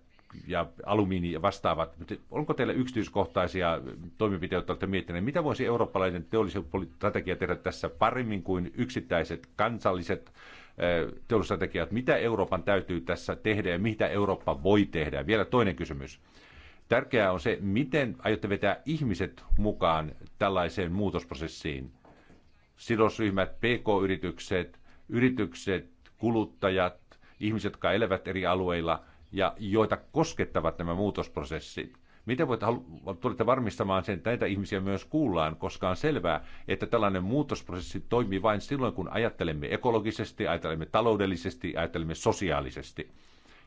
ja alumiini ja vastaavat. Onko teillä yksityiskohtaisia toimenpiteitä, olette miettineet, mitä voisi eurooppalainen teollisuusstrategia tehdä tässä paremmin kuin yksittäiset kansalliset että mitä Euroopan täytyy tässä tehdä ja mitä Eurooppa voi tehdä. Vielä toinen kysymys. Tärkeää on se, miten aiotte vetää ihmiset mukaan tällaiseen muutosprosessiin. Sidosryhmät, pk-yritykset, yritykset, kuluttajat, ihmiset, jotka elävät eri alueilla ja joita koskettavat nämä muutosprosessit. Miten voit tulette varmistamaan sen, että näitä ihmisiä myös kuullaan, koska on selvää, että tällainen muutosprosessi toimii vain silloin, kun ajattelemme ekologisesti, ajattelemme taloudellisesti, ajattelemme sosiaalisesti.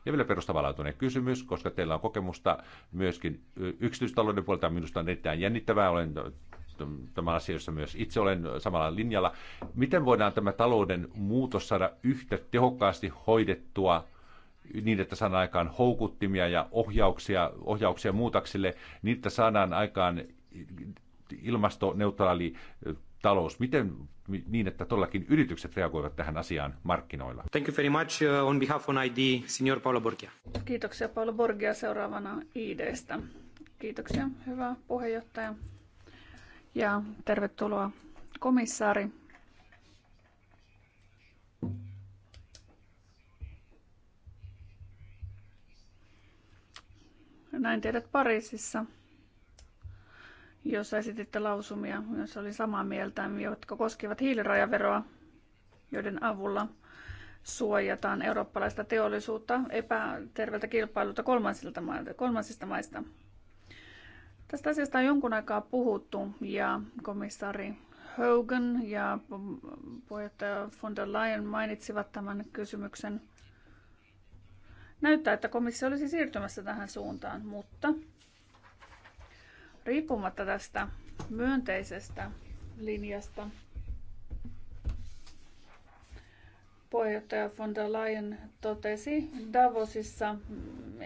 Ja vielä perustavanlaatuinen kysymys, koska teillä on kokemusta myöskin yksityistalouden puolelta, minusta on erittäin jännittävää, olen tämä asia, jossa myös itse olen samalla linjalla. Miten voidaan tämä talouden muutos saada yhtä tehokkaasti hoidettua niin, että saadaan aikaan houkuttimia ja ohjauksia, ohjauksia muutaksille, niin, että saadaan aikaan ilmastoneutraali talous. Miten niin, että todellakin yritykset reagoivat tähän asiaan markkinoilla? Thank you very much uh, on behalf of ID, Signor Paolo Borgia. Kiitoksia Paolo Borgia seuraavana IDstä. Kiitoksia, hyvä puheenjohtaja. Ja tervetuloa komissaari. Näin teidät Pariisissa, jossa esititte lausumia, joissa oli samaa mieltä, jotka koskivat hiilirajaveroa, joiden avulla suojataan eurooppalaista teollisuutta epäterveeltä kilpailulta kolmansista maista. Tästä asiasta on jonkun aikaa puhuttu ja komissaari Hogan ja puheenjohtaja von der Leyen mainitsivat tämän kysymyksen. Näyttää, että komissio olisi siirtymässä tähän suuntaan, mutta riippumatta tästä myönteisestä linjasta, puheenjohtaja von der Leyen totesi Davosissa, mm,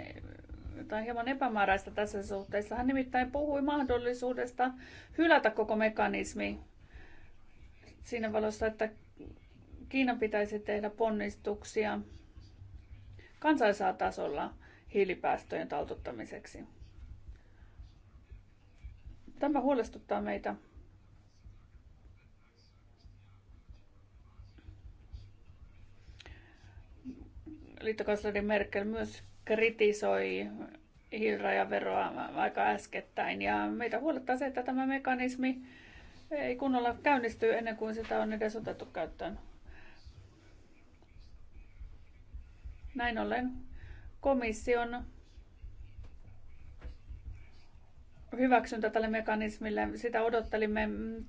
tai hieman epämääräistä tässä suhteessa. Hän nimittäin puhui mahdollisuudesta hylätä koko mekanismi siinä valossa, että Kiinan pitäisi tehdä ponnistuksia kansallisella tasolla hiilipäästöjen taltuttamiseksi. Tämä huolestuttaa meitä. Liittokansleri Merkel myös kritisoi hiilirajaveroa aika äskettäin ja meitä huolettaa se, että tämä mekanismi ei kunnolla käynnisty ennen kuin sitä on edes otettu käyttöön. Näin ollen komission hyväksyntä tälle mekanismille, sitä odottelimme mm,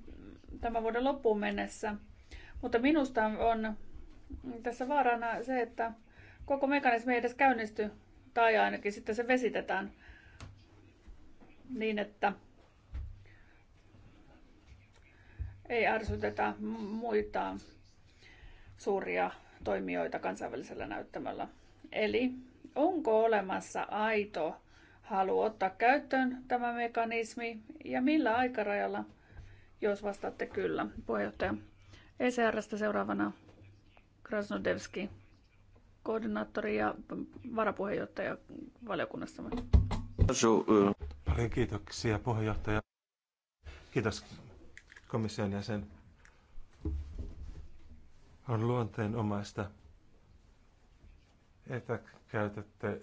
tämän vuoden loppuun mennessä. Mutta minusta on tässä vaarana se, että koko mekanismi ei edes käynnisty, tai ainakin sitten se vesitetään niin, että ei ärsytetä muita suuria toimijoita kansainvälisellä näyttämällä. Eli onko olemassa aito halu ottaa käyttöön tämä mekanismi ja millä aikarajalla, jos vastaatte kyllä, puheenjohtaja. ECRstä seuraavana Krasnodevski, koordinaattori ja varapuheenjohtaja valiokunnassamme. Paljon kiitoksia puheenjohtaja. Kiitos komission jäsen on luonteenomaista, että käytätte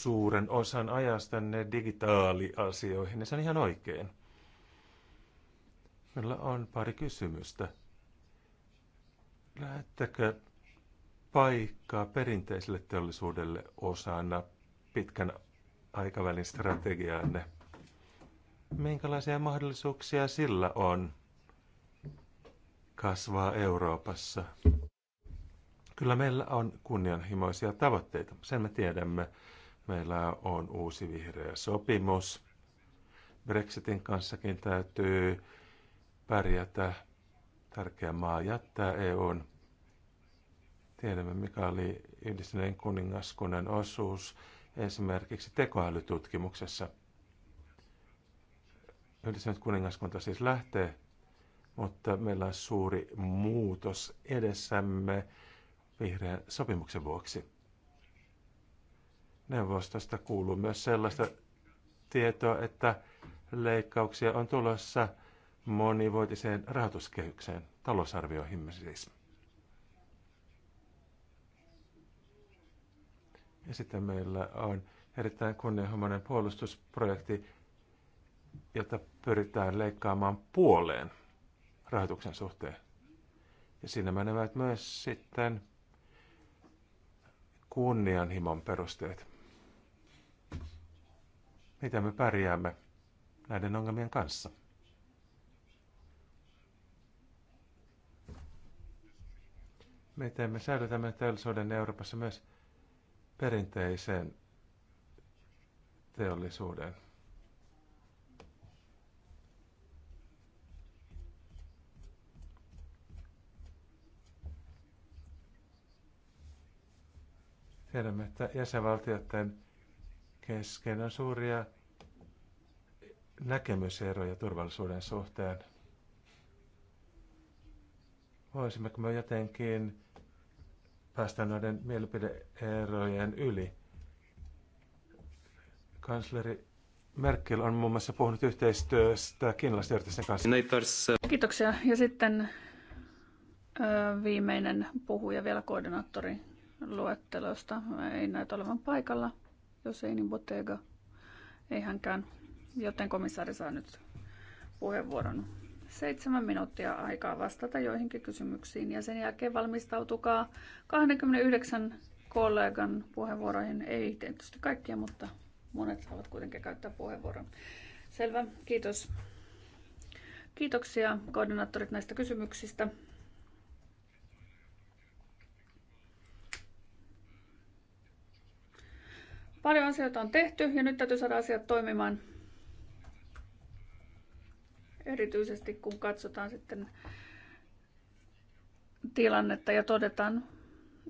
suuren osan ajastanne digitaaliasioihin, ja se on ihan oikein. Meillä on pari kysymystä. Lähettäkö paikkaa perinteiselle teollisuudelle osana pitkän aikavälin strategiaanne? Minkälaisia mahdollisuuksia sillä on? kasvaa Euroopassa. Kyllä meillä on kunnianhimoisia tavoitteita, sen me tiedämme. Meillä on uusi vihreä sopimus. Brexitin kanssakin täytyy pärjätä. Tärkeä maa jättää EUn. Tiedämme, mikä oli yhdistyneen kuningaskunnan osuus esimerkiksi tekoälytutkimuksessa. Yhdistynyt kuningaskunta siis lähtee mutta meillä on suuri muutos edessämme vihreän sopimuksen vuoksi. Neuvostosta kuuluu myös sellaista tietoa, että leikkauksia on tulossa monivuotiseen rahoituskehykseen, talousarvioihin siis. Ja sitten meillä on erittäin kunnianhimoinen puolustusprojekti, jota pyritään leikkaamaan puoleen – rahoituksen suhteen. Ja siinä menevät myös sitten kunnianhimon perusteet. Miten me pärjäämme näiden ongelmien kanssa? Miten me säilytämme teollisuuden Euroopassa myös perinteisen teollisuuden? Tiedämme, että jäsenvaltioiden kesken on suuria näkemyseroja turvallisuuden suhteen. Voisimmeko me jotenkin päästä noiden mielipideerojen yli? Kansleri Merkel on muun muassa puhunut yhteistyöstä kiinalaisten yritysten kanssa. Kiitoksia. Ja sitten viimeinen puhuja vielä koordinaattori luettelosta. Ei näytä olevan paikalla, jos ei niin Bottega. Ei hänkään, joten komissaari saa nyt puheenvuoron. Seitsemän minuuttia aikaa vastata joihinkin kysymyksiin ja sen jälkeen valmistautukaa 29 kollegan puheenvuoroihin. Ei tietysti kaikkia, mutta monet saavat kuitenkin käyttää puheenvuoron. Selvä, kiitos. Kiitoksia koordinaattorit näistä kysymyksistä. Paljon asioita on tehty ja nyt täytyy saada asiat toimimaan. Erityisesti kun katsotaan sitten tilannetta ja todetaan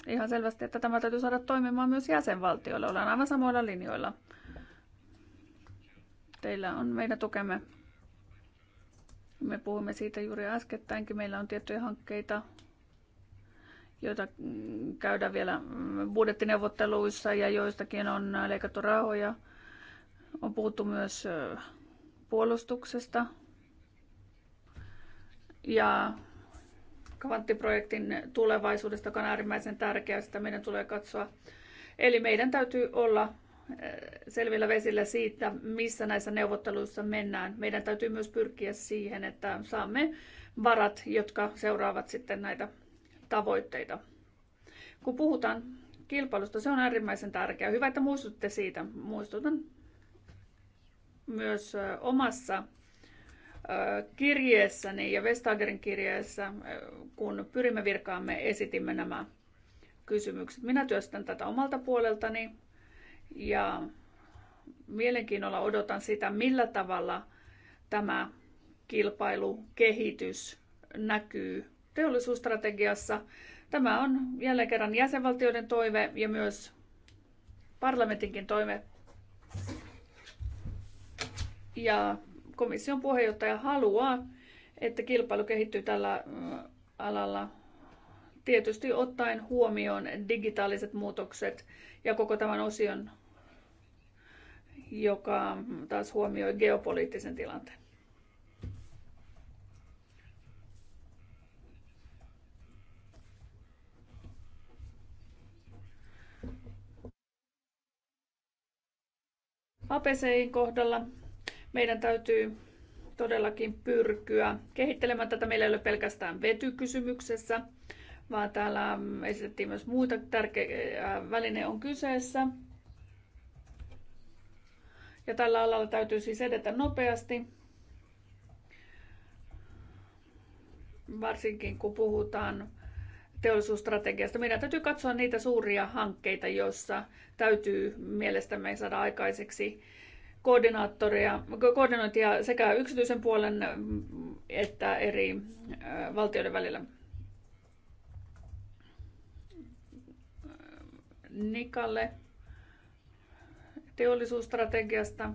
ihan selvästi, että tämä täytyy saada toimimaan myös jäsenvaltioille. Ollaan aivan samoilla linjoilla. Teillä on meidän tukemme. Me puhumme siitä juuri äskettäinkin. Meillä on tiettyjä hankkeita, joita mm, käydään vielä mm, budjettineuvotteluissa ja joistakin on leikattu rahoja. On puhuttu myös puolustuksesta ja kvanttiprojektin tulevaisuudesta, joka on äärimmäisen tärkeää, sitä meidän tulee katsoa. Eli meidän täytyy olla selvillä vesillä siitä, missä näissä neuvotteluissa mennään. Meidän täytyy myös pyrkiä siihen, että saamme varat, jotka seuraavat sitten näitä tavoitteita. Kun puhutaan kilpailusta, se on äärimmäisen tärkeää. Hyvä, että muistutte siitä. Muistutan myös omassa kirjeessäni ja Vestagerin kirjeessä, kun pyrimme virkaamme, esitimme nämä kysymykset. Minä työstän tätä omalta puoleltani ja mielenkiinnolla odotan sitä, millä tavalla tämä kilpailukehitys näkyy teollisuusstrategiassa. Tämä on jälleen kerran jäsenvaltioiden toive ja myös parlamentinkin toive. Ja komission puheenjohtaja haluaa, että kilpailu kehittyy tällä mm, alalla tietysti ottaen huomioon digitaaliset muutokset ja koko tämän osion, joka taas huomioi geopoliittisen tilanteen. APCin kohdalla meidän täytyy todellakin pyrkyä kehittelemään tätä. Meillä ei ole pelkästään vetykysymyksessä, vaan täällä mm, esitettiin myös muita tärkeä väline on kyseessä. Ja tällä alalla täytyy siis edetä nopeasti, varsinkin kun puhutaan teollisuusstrategiasta. Meidän täytyy katsoa niitä suuria hankkeita, joissa täytyy mielestämme saada aikaiseksi koordinaattoria, koordinointia sekä yksityisen puolen että eri äh, valtioiden välillä. Nikalle teollisuusstrategiasta.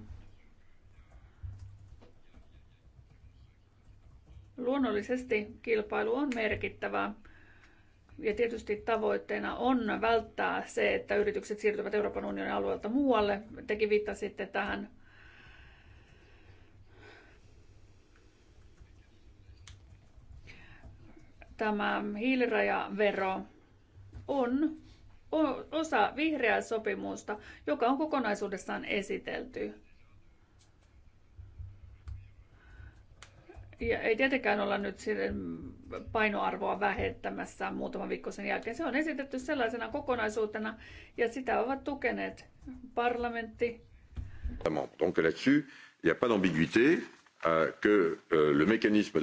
Luonnollisesti kilpailu on merkittävää ja tietysti tavoitteena on välttää se, että yritykset siirtyvät Euroopan unionin alueelta muualle. Tekin viittasitte tähän tämä hiilirajavero on osa vihreää sopimusta, joka on kokonaisuudessaan esitelty. Ja ei tietenkään olla nyt painoarvoa vähentämässä muutaman viikko sen jälkeen. Se on esitetty sellaisena kokonaisuutena ja sitä ovat tukeneet parlamentti. Donc là-dessus, il a pas d'ambiguïté euh, que euh, le mécanisme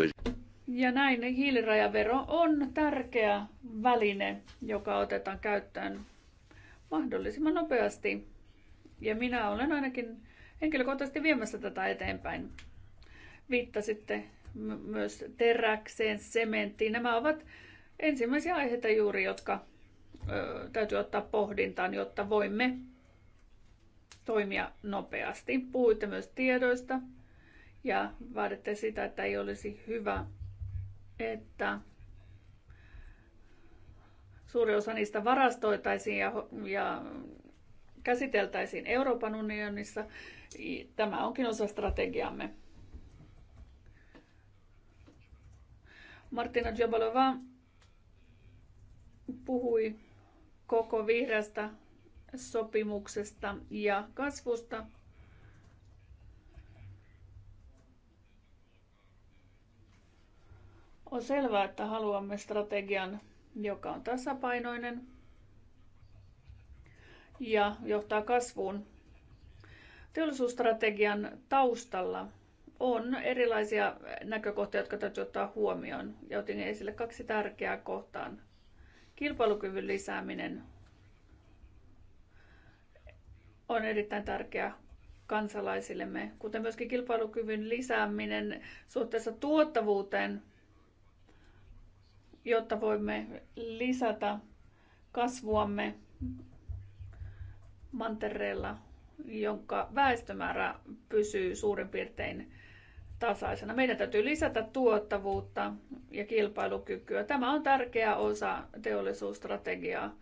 ja näin hiilirajavero on tärkeä väline, joka otetaan käyttöön mahdollisimman nopeasti. Ja minä olen ainakin henkilökohtaisesti viemässä tätä eteenpäin. Viittasitte myös teräkseen, sementtiin. Nämä ovat ensimmäisiä aiheita juuri, jotka ö, täytyy ottaa pohdintaan, jotta voimme toimia nopeasti. Puhuitte myös tiedoista ja vaaditte sitä, että ei olisi hyvä, että suuri osa niistä varastoitaisiin ja, ja käsiteltäisiin Euroopan unionissa. Tämä onkin osa strategiamme. Martina Djabalova puhui koko vihreästä sopimuksesta ja kasvusta. On selvää, että haluamme strategian, joka on tasapainoinen ja johtaa kasvuun. Teollisuusstrategian taustalla on erilaisia näkökohtia, jotka täytyy ottaa huomioon. Ja otin esille kaksi tärkeää kohtaa: Kilpailukyvyn lisääminen on erittäin tärkeä kansalaisillemme, kuten myöskin kilpailukyvyn lisääminen suhteessa tuottavuuteen, jotta voimme lisätä kasvuamme mantereella, jonka väestömäärä pysyy suurin piirtein tasaisena. Meidän täytyy lisätä tuottavuutta ja kilpailukykyä. Tämä on tärkeä osa teollisuusstrategiaa.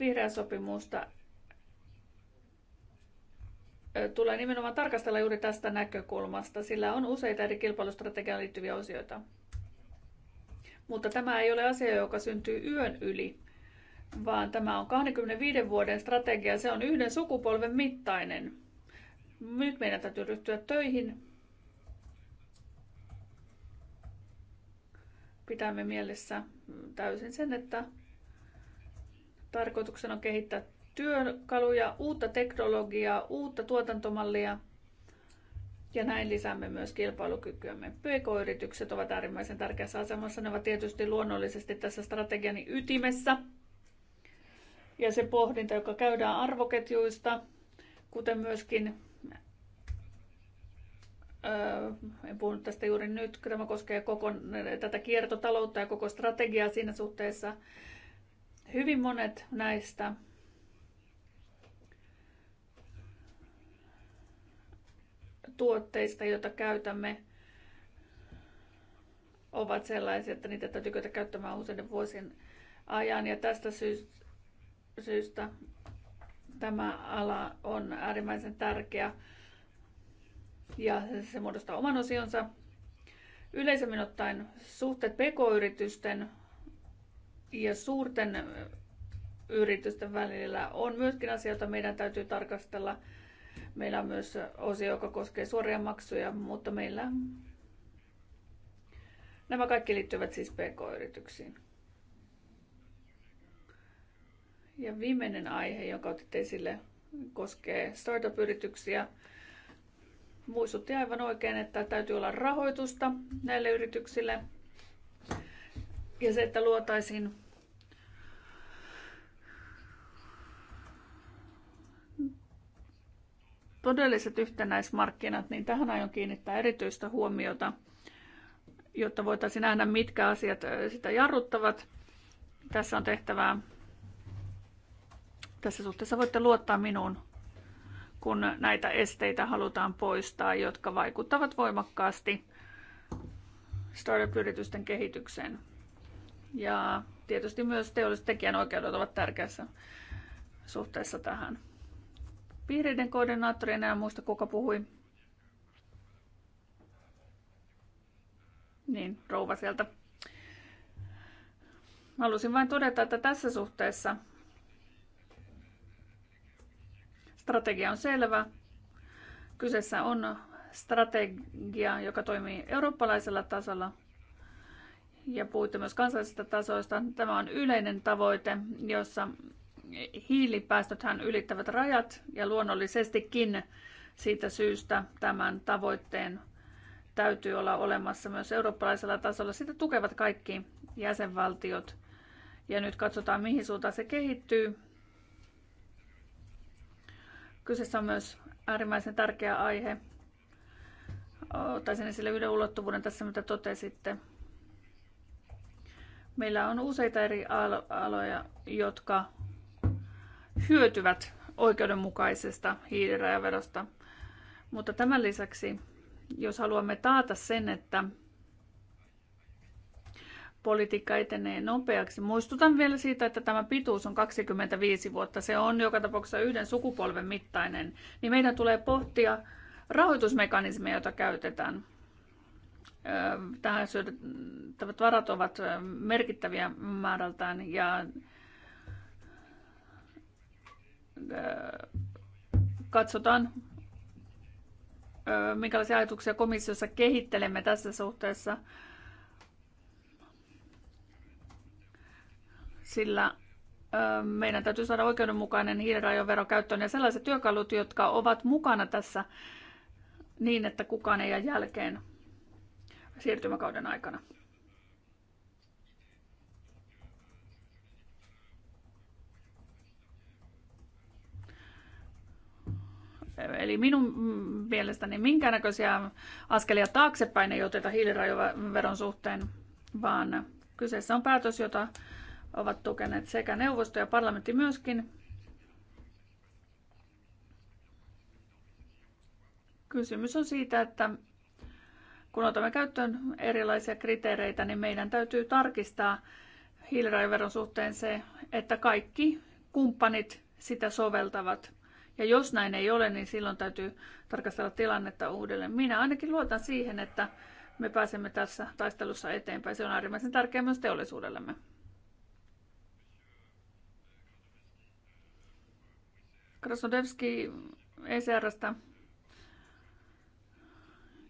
Vihreä sopimusta tulee nimenomaan tarkastella juuri tästä näkökulmasta, sillä on useita eri kilpailustrategiaan liittyviä osioita. Mutta tämä ei ole asia, joka syntyy yön yli, vaan tämä on 25 vuoden strategia. Se on yhden sukupolven mittainen nyt meidän täytyy ryhtyä töihin. Pitämme mielessä täysin sen, että tarkoituksena on kehittää työkaluja, uutta teknologiaa, uutta tuotantomallia ja näin lisäämme myös kilpailukykyämme. PK-yritykset ovat äärimmäisen tärkeässä asemassa. Ne ovat tietysti luonnollisesti tässä strategian ytimessä. Ja se pohdinta, joka käydään arvoketjuista, kuten myöskin Öö, en puhunut tästä juuri nyt, kun tämä koskee koko tätä kiertotaloutta ja koko strategiaa siinä suhteessa. Hyvin monet näistä tuotteista, joita käytämme, ovat sellaisia, että niitä täytyy kyetä käyttämään useiden vuosien ajan. Ja tästä syystä tämä ala on äärimmäisen tärkeä ja se muodostaa oman osionsa. Yleisemmin ottaen suhteet pk-yritysten ja suurten yritysten välillä on myöskin asioita, meidän täytyy tarkastella. Meillä on myös osio, joka koskee suoria maksuja, mutta meillä nämä kaikki liittyvät siis pk-yrityksiin. Ja viimeinen aihe, jonka otit esille, koskee startup-yrityksiä muistutti aivan oikein, että täytyy olla rahoitusta näille yrityksille ja se, että luotaisiin todelliset yhtenäismarkkinat, niin tähän aion kiinnittää erityistä huomiota, jotta voitaisiin nähdä, mitkä asiat sitä jarruttavat. Tässä on tehtävää. Tässä suhteessa voitte luottaa minuun kun näitä esteitä halutaan poistaa, jotka vaikuttavat voimakkaasti startup-yritysten kehitykseen. Ja tietysti myös teolliset tekijänoikeudet ovat tärkeässä suhteessa tähän. Piireiden koordinaattori, enää muista kuka puhui. Niin, rouva sieltä. Haluaisin vain todeta, että tässä suhteessa Strategia on selvä. Kyseessä on strategia, joka toimii eurooppalaisella tasolla ja puhuitte myös kansallisista tasoista. Tämä on yleinen tavoite, jossa hiilipäästöthän ylittävät rajat ja luonnollisestikin siitä syystä tämän tavoitteen täytyy olla olemassa myös eurooppalaisella tasolla. Sitä tukevat kaikki jäsenvaltiot. Ja nyt katsotaan, mihin suuntaan se kehittyy Kyseessä on myös äärimmäisen tärkeä aihe. Ottaisin esille yhden ulottuvuuden tässä, mitä totesitte. Meillä on useita eri aloja, jotka hyötyvät oikeudenmukaisesta hiilirajaverosta. Mutta tämän lisäksi, jos haluamme taata sen, että politiikka etenee nopeaksi. Muistutan vielä siitä, että tämä pituus on 25 vuotta. Se on joka tapauksessa yhden sukupolven mittainen. Niin meidän tulee pohtia rahoitusmekanismeja, joita käytetään. Tähän syödettävät varat ovat merkittäviä määrältään ja katsotaan, minkälaisia ajatuksia komissiossa kehittelemme tässä suhteessa. sillä meidän täytyy saada oikeudenmukainen hiilirajovero käyttöön ja sellaiset työkalut, jotka ovat mukana tässä niin, että kukaan ei jää jälkeen siirtymäkauden aikana. Eli minun mielestäni minkäännäköisiä askelia taaksepäin ei oteta hiilirajoveron suhteen, vaan kyseessä on päätös, jota ovat tukeneet sekä neuvosto ja parlamentti myöskin. Kysymys on siitä, että kun otamme käyttöön erilaisia kriteereitä, niin meidän täytyy tarkistaa hiilirajaveron suhteen se, että kaikki kumppanit sitä soveltavat. Ja jos näin ei ole, niin silloin täytyy tarkastella tilannetta uudelleen. Minä ainakin luotan siihen, että me pääsemme tässä taistelussa eteenpäin. Se on äärimmäisen tärkeää myös teollisuudellemme. Krasnodevski ECRstä.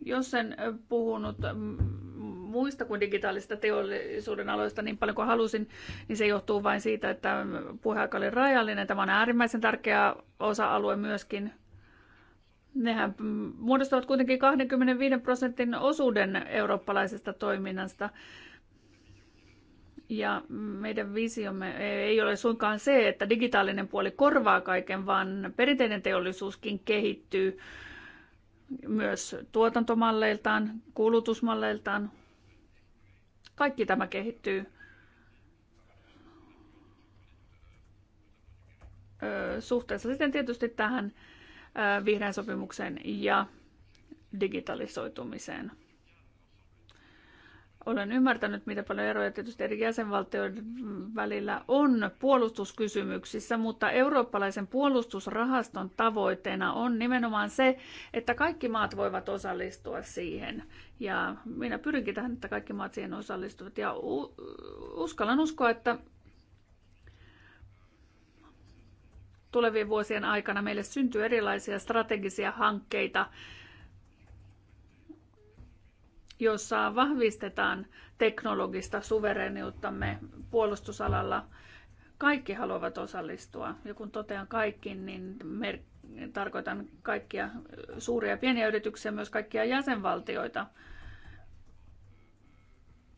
Jos en puhunut muista kuin digitaalista teollisuuden aloista niin paljon kuin halusin, niin se johtuu vain siitä, että puheaika oli rajallinen. Tämä on äärimmäisen tärkeä osa-alue myöskin. Nehän muodostavat kuitenkin 25 prosentin osuuden eurooppalaisesta toiminnasta. Ja meidän visiomme ei ole suinkaan se, että digitaalinen puoli korvaa kaiken, vaan perinteinen teollisuuskin kehittyy myös tuotantomalleiltaan, kulutusmalleiltaan. Kaikki tämä kehittyy. suhteessa sitten tietysti tähän vihreän sopimukseen ja digitalisoitumiseen. Olen ymmärtänyt, mitä paljon eroja tietysti eri jäsenvaltioiden välillä on puolustuskysymyksissä, mutta eurooppalaisen puolustusrahaston tavoitteena on nimenomaan se, että kaikki maat voivat osallistua siihen. Ja minä pyrinkin tähän, että kaikki maat siihen osallistuvat. Ja uskallan uskoa, että tulevien vuosien aikana meille syntyy erilaisia strategisia hankkeita, jossa vahvistetaan teknologista suvereniuttamme puolustusalalla. Kaikki haluavat osallistua. Ja kun totean kaikki, niin mer- tarkoitan kaikkia suuria ja pieniä yrityksiä, myös kaikkia jäsenvaltioita.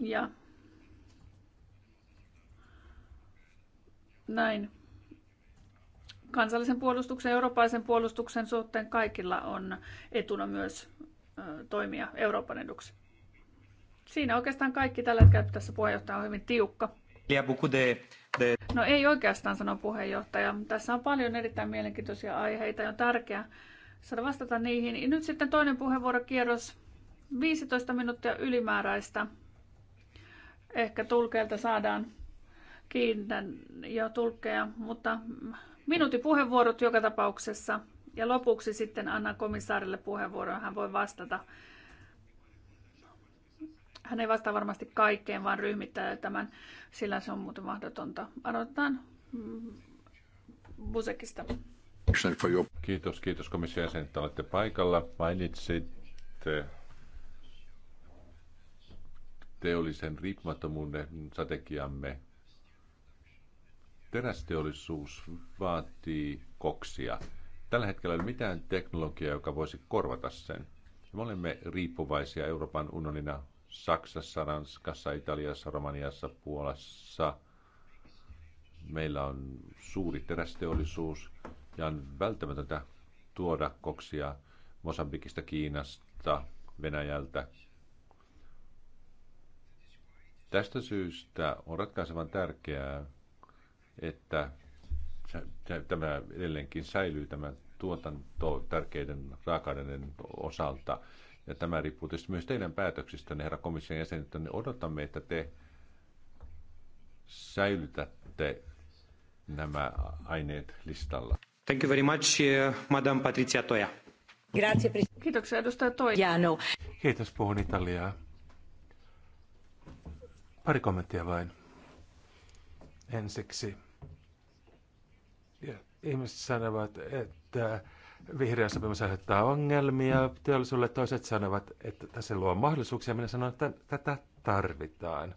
Ja näin. Kansallisen puolustuksen ja eurooppalaisen puolustuksen suhteen kaikilla on etuna myös toimia Euroopan eduksi. Siinä oikeastaan kaikki tällä hetkellä tässä puheenjohtaja on hyvin tiukka. No ei oikeastaan, sano puheenjohtaja. Tässä on paljon erittäin mielenkiintoisia aiheita ja on tärkeää saada vastata niihin. Nyt sitten toinen puheenvuorokierros, 15 minuuttia ylimääräistä. Ehkä tulkeelta saadaan kiinni jo tulkkeja, mutta minuutin puheenvuorot joka tapauksessa. Ja lopuksi sitten annan komissaarille puheenvuoron, hän voi vastata hän ei vastaa varmasti kaikkeen, vaan ryhmittää tämän, sillä se on muuten mahdotonta. Aloitetaan mm, Busekista. Kiitos, kiitos komission jäsen, että olette paikalla. Mainitsitte teollisen riippumattomuuden strategiamme. Terästeollisuus vaatii koksia. Tällä hetkellä ei ole mitään teknologiaa, joka voisi korvata sen. Me olemme riippuvaisia Euroopan unionina Saksassa, Ranskassa, Italiassa, Romaniassa, Puolassa. Meillä on suuri terästeollisuus ja on välttämätöntä tuoda koksia Mosambikista, Kiinasta, Venäjältä. Tästä syystä on ratkaisevan tärkeää, että tämä edelleenkin säilyy tämä tuotanto tärkeiden raaka osalta. Ja tämä riippuu tietysti myös teidän päätöksistänne, herra komission jäsenet, niin odotamme, että te säilytätte nämä aineet listalla. Thank you very much, eh, Madame Patricia Toja. Grazie, Kiitoksia edustaja Yeah, no. Kiitos, puhun Italiaa. Pari kommenttia vain. Ensiksi. Ja ihmiset sanovat, että vihreä sopimus aiheuttaa ongelmia teollisuudelle. Toiset sanovat, että tässä luo mahdollisuuksia. Minä sanon, että tätä tarvitaan.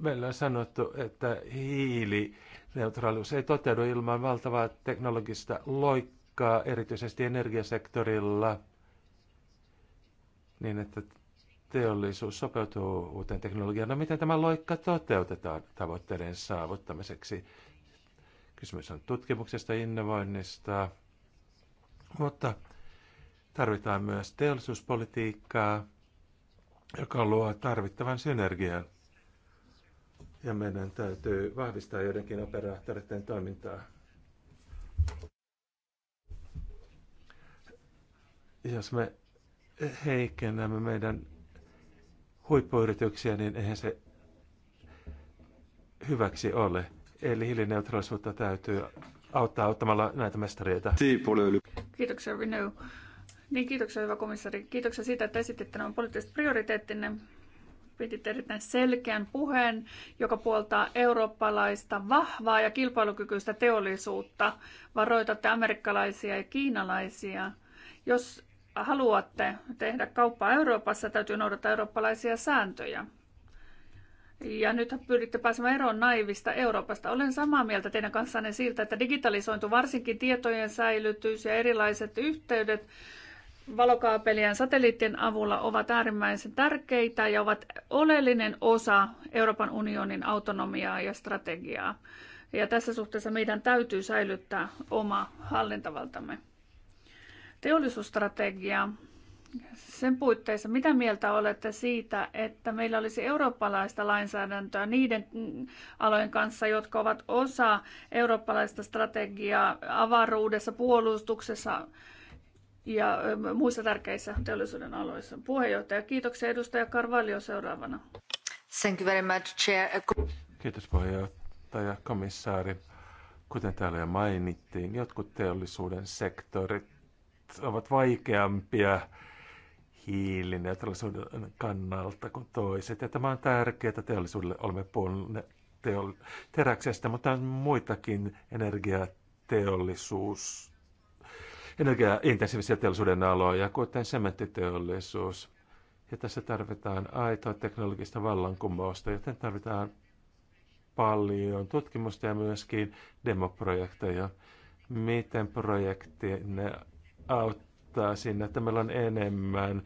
Meillä on sanottu, että hiilineutraalius ei toteudu ilman valtavaa teknologista loikkaa, erityisesti energiasektorilla, niin että teollisuus sopeutuu uuteen teknologiaan. No miten tämä loikka toteutetaan tavoitteiden saavuttamiseksi? Kysymys on tutkimuksesta, innovoinnista, mutta tarvitaan myös teollisuuspolitiikkaa, joka luo tarvittavan synergian. Ja meidän täytyy vahvistaa joidenkin operaattoreiden toimintaa. Jos me heikennämme meidän huippuyrityksiä, niin eihän se hyväksi ole. Eli hiilineutraalisuutta täytyy auttaa auttamalla näitä mestareita. Kiitoksia Renew. Niin, kiitoksia hyvä komissari. Kiitoksia siitä, että esititte nämä poliittiset prioriteettinne. Piditte erittäin selkeän puheen, joka puoltaa eurooppalaista vahvaa ja kilpailukykyistä teollisuutta. Varoitatte amerikkalaisia ja kiinalaisia. Jos haluatte tehdä kauppaa Euroopassa, täytyy noudattaa eurooppalaisia sääntöjä. Ja nyt pyritte pääsemään eroon naivista Euroopasta. Olen samaa mieltä teidän kanssanne siltä, että digitalisointu, varsinkin tietojen säilytys ja erilaiset yhteydet valokaapelien ja satelliittien avulla ovat äärimmäisen tärkeitä ja ovat oleellinen osa Euroopan unionin autonomiaa ja strategiaa. Ja tässä suhteessa meidän täytyy säilyttää oma hallintavaltamme. Teollisuusstrategia sen puitteissa, mitä mieltä olette siitä, että meillä olisi eurooppalaista lainsäädäntöä niiden alojen kanssa, jotka ovat osa eurooppalaista strategiaa avaruudessa, puolustuksessa ja ähm, muissa tärkeissä teollisuuden aloissa. Puheenjohtaja, kiitoksia edustaja Carvalho seuraavana. Thank you very much, Chair. Kiitos puheenjohtaja, komissaari. Kuten täällä jo mainittiin, jotkut teollisuuden sektorit ovat vaikeampia hiilineutraalisuuden kannalta kuin toiset. Ja tämä on tärkeää teollisuudelle. Olemme puolelle teol- teräksestä, mutta on muitakin energiateollisuus, energiaintensiivisiä teollisuuden aloja, kuten sementtiteollisuus. Ja tässä tarvitaan aitoa teknologista vallankumousta, joten tarvitaan paljon tutkimusta ja myöskin demoprojekteja. Miten projekti ne auttaa sinne, että meillä on enemmän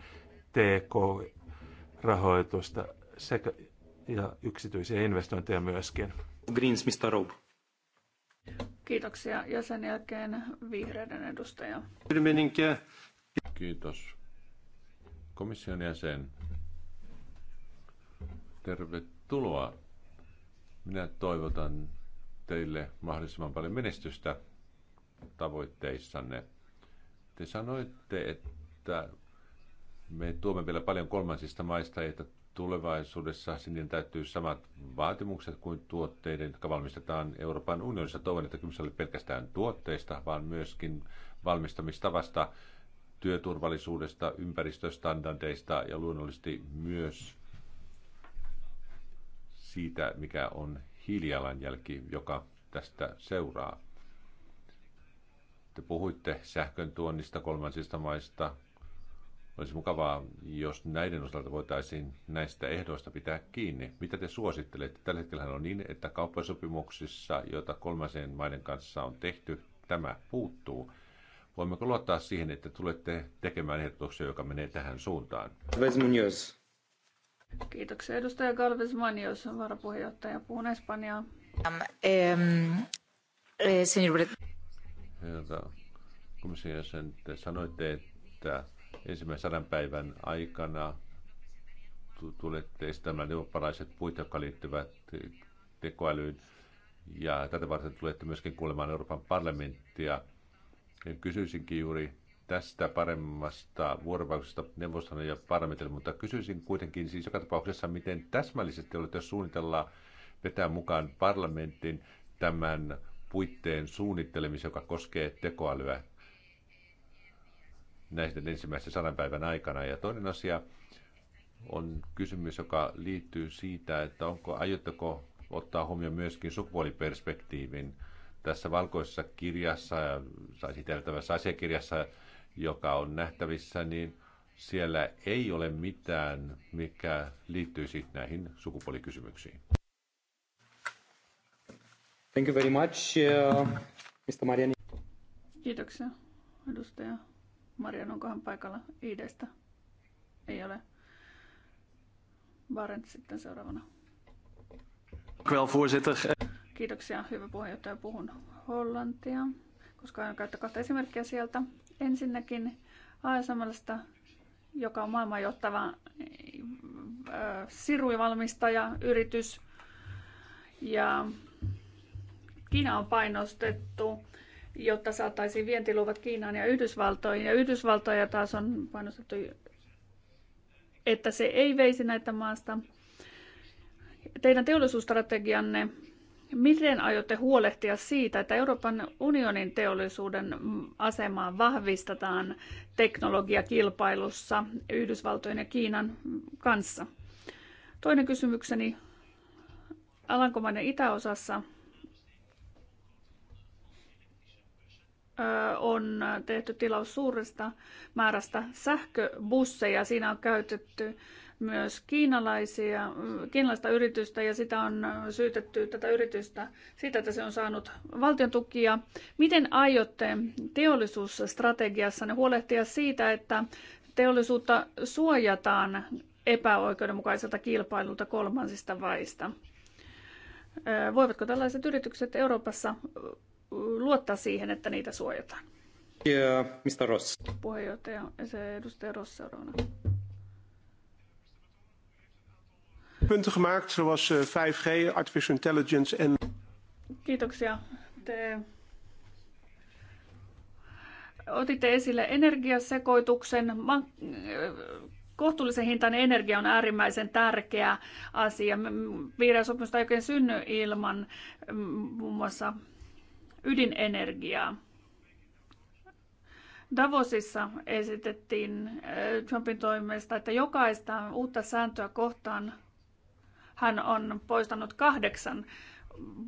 TK-rahoitusta sekä ja yksityisiä investointeja myöskin. Greens, Mr. Rob. Kiitoksia. Ja sen jälkeen vihreiden edustaja. Kiitos. Komission jäsen, tervetuloa. Minä toivotan teille mahdollisimman paljon menestystä tavoitteissanne. Te sanoitte, että me tuomme vielä paljon kolmansista maista, että tulevaisuudessa sinne täytyy samat vaatimukset kuin tuotteiden, jotka valmistetaan Euroopan unionissa. Toivon, että kyse oli pelkästään tuotteista, vaan myöskin valmistamistavasta, työturvallisuudesta, ympäristöstandardeista ja luonnollisesti myös siitä, mikä on hiilijalanjälki, joka tästä seuraa. Te puhuitte sähkön tuonnista kolmansista maista. Olisi mukavaa, jos näiden osalta voitaisiin näistä ehdoista pitää kiinni. Mitä te suosittelette? Tällä hetkellä on niin, että kauppasopimuksissa, joita kolmansien maiden kanssa on tehty, tämä puuttuu. Voimmeko luottaa siihen, että tulette tekemään ehdotuksia, joka menee tähän suuntaan? Kiitoksia. Edustaja Galvez Manios, varapuheenjohtaja. Puhun Espanjaa. Um, um, eh, herra komission jäsen, te sanoitte, että ensimmäisen sadan päivän aikana tulette esittämään eurooppalaiset puit, jotka liittyvät tekoälyyn. Ja tätä varten tulette myöskin kuulemaan Euroopan parlamenttia. Kysyisinkin juuri tästä paremmasta vuorovaikutuksesta neuvoston ja parlamentille, mutta kysyisin kuitenkin siis joka tapauksessa, miten täsmällisesti olette suunnitella vetää mukaan parlamentin tämän puitteen suunnittelemisen, joka koskee tekoälyä näiden ensimmäisen sadan päivän aikana. Ja toinen asia on kysymys, joka liittyy siitä, että onko, aiotteko ottaa huomioon myöskin sukupuoliperspektiivin tässä valkoisessa kirjassa tai siteltävässä asiakirjassa, joka on nähtävissä, niin siellä ei ole mitään, mikä liittyisi siis näihin sukupuolikysymyksiin. Thank you very much, uh, Mr. Mariani. Kiitoksia, edustaja. Marian, onkohan paikalla IDstä? Ei ole. Barent sitten seuraavana. Kiitoksia, hyvä puheenjohtaja. Puhun hollantia, koska aion käyttää kahta esimerkkiä sieltä. Ensinnäkin ASMLstä, joka on maailman johtava äh, siruivalmistaja, yritys. Ja Kiina on painostettu, jotta saataisiin vientiluvat Kiinaan ja Yhdysvaltoihin. Ja Yhdysvaltoja taas on painostettu, että se ei veisi näitä maasta. Teidän teollisuusstrategianne, miten aiotte huolehtia siitä, että Euroopan unionin teollisuuden asemaa vahvistetaan teknologiakilpailussa Yhdysvaltojen ja Kiinan kanssa? Toinen kysymykseni alankomainen itäosassa on tehty tilaus suuresta määrästä sähköbusseja. Siinä on käytetty myös kiinalaisia, kiinalaista yritystä ja sitä on syytetty tätä yritystä siitä, että se on saanut valtion tukia. Miten aiotte teollisuusstrategiassanne huolehtia siitä, että teollisuutta suojataan epäoikeudenmukaiselta kilpailulta kolmansista vaista? Voivatko tällaiset yritykset Euroopassa luottaa siihen, että niitä suojataan. Ja mistä Ross. Puheenjohtaja, se edustaja Ross seuraavana. Punten gemaakt, zoals 5G, eh, artificial intelligence en... Kiitoksia. Te otitte esille energiasekoituksen. Kohtuullisen hintainen energia on äärimmäisen tärkeä asia. Vihreä sopimusta ei oikein synny ilman mm, muun mm. muassa mm ydinenergiaa. Davosissa esitettiin äh, Trumpin toimesta, että jokaista uutta sääntöä kohtaan hän on poistanut kahdeksan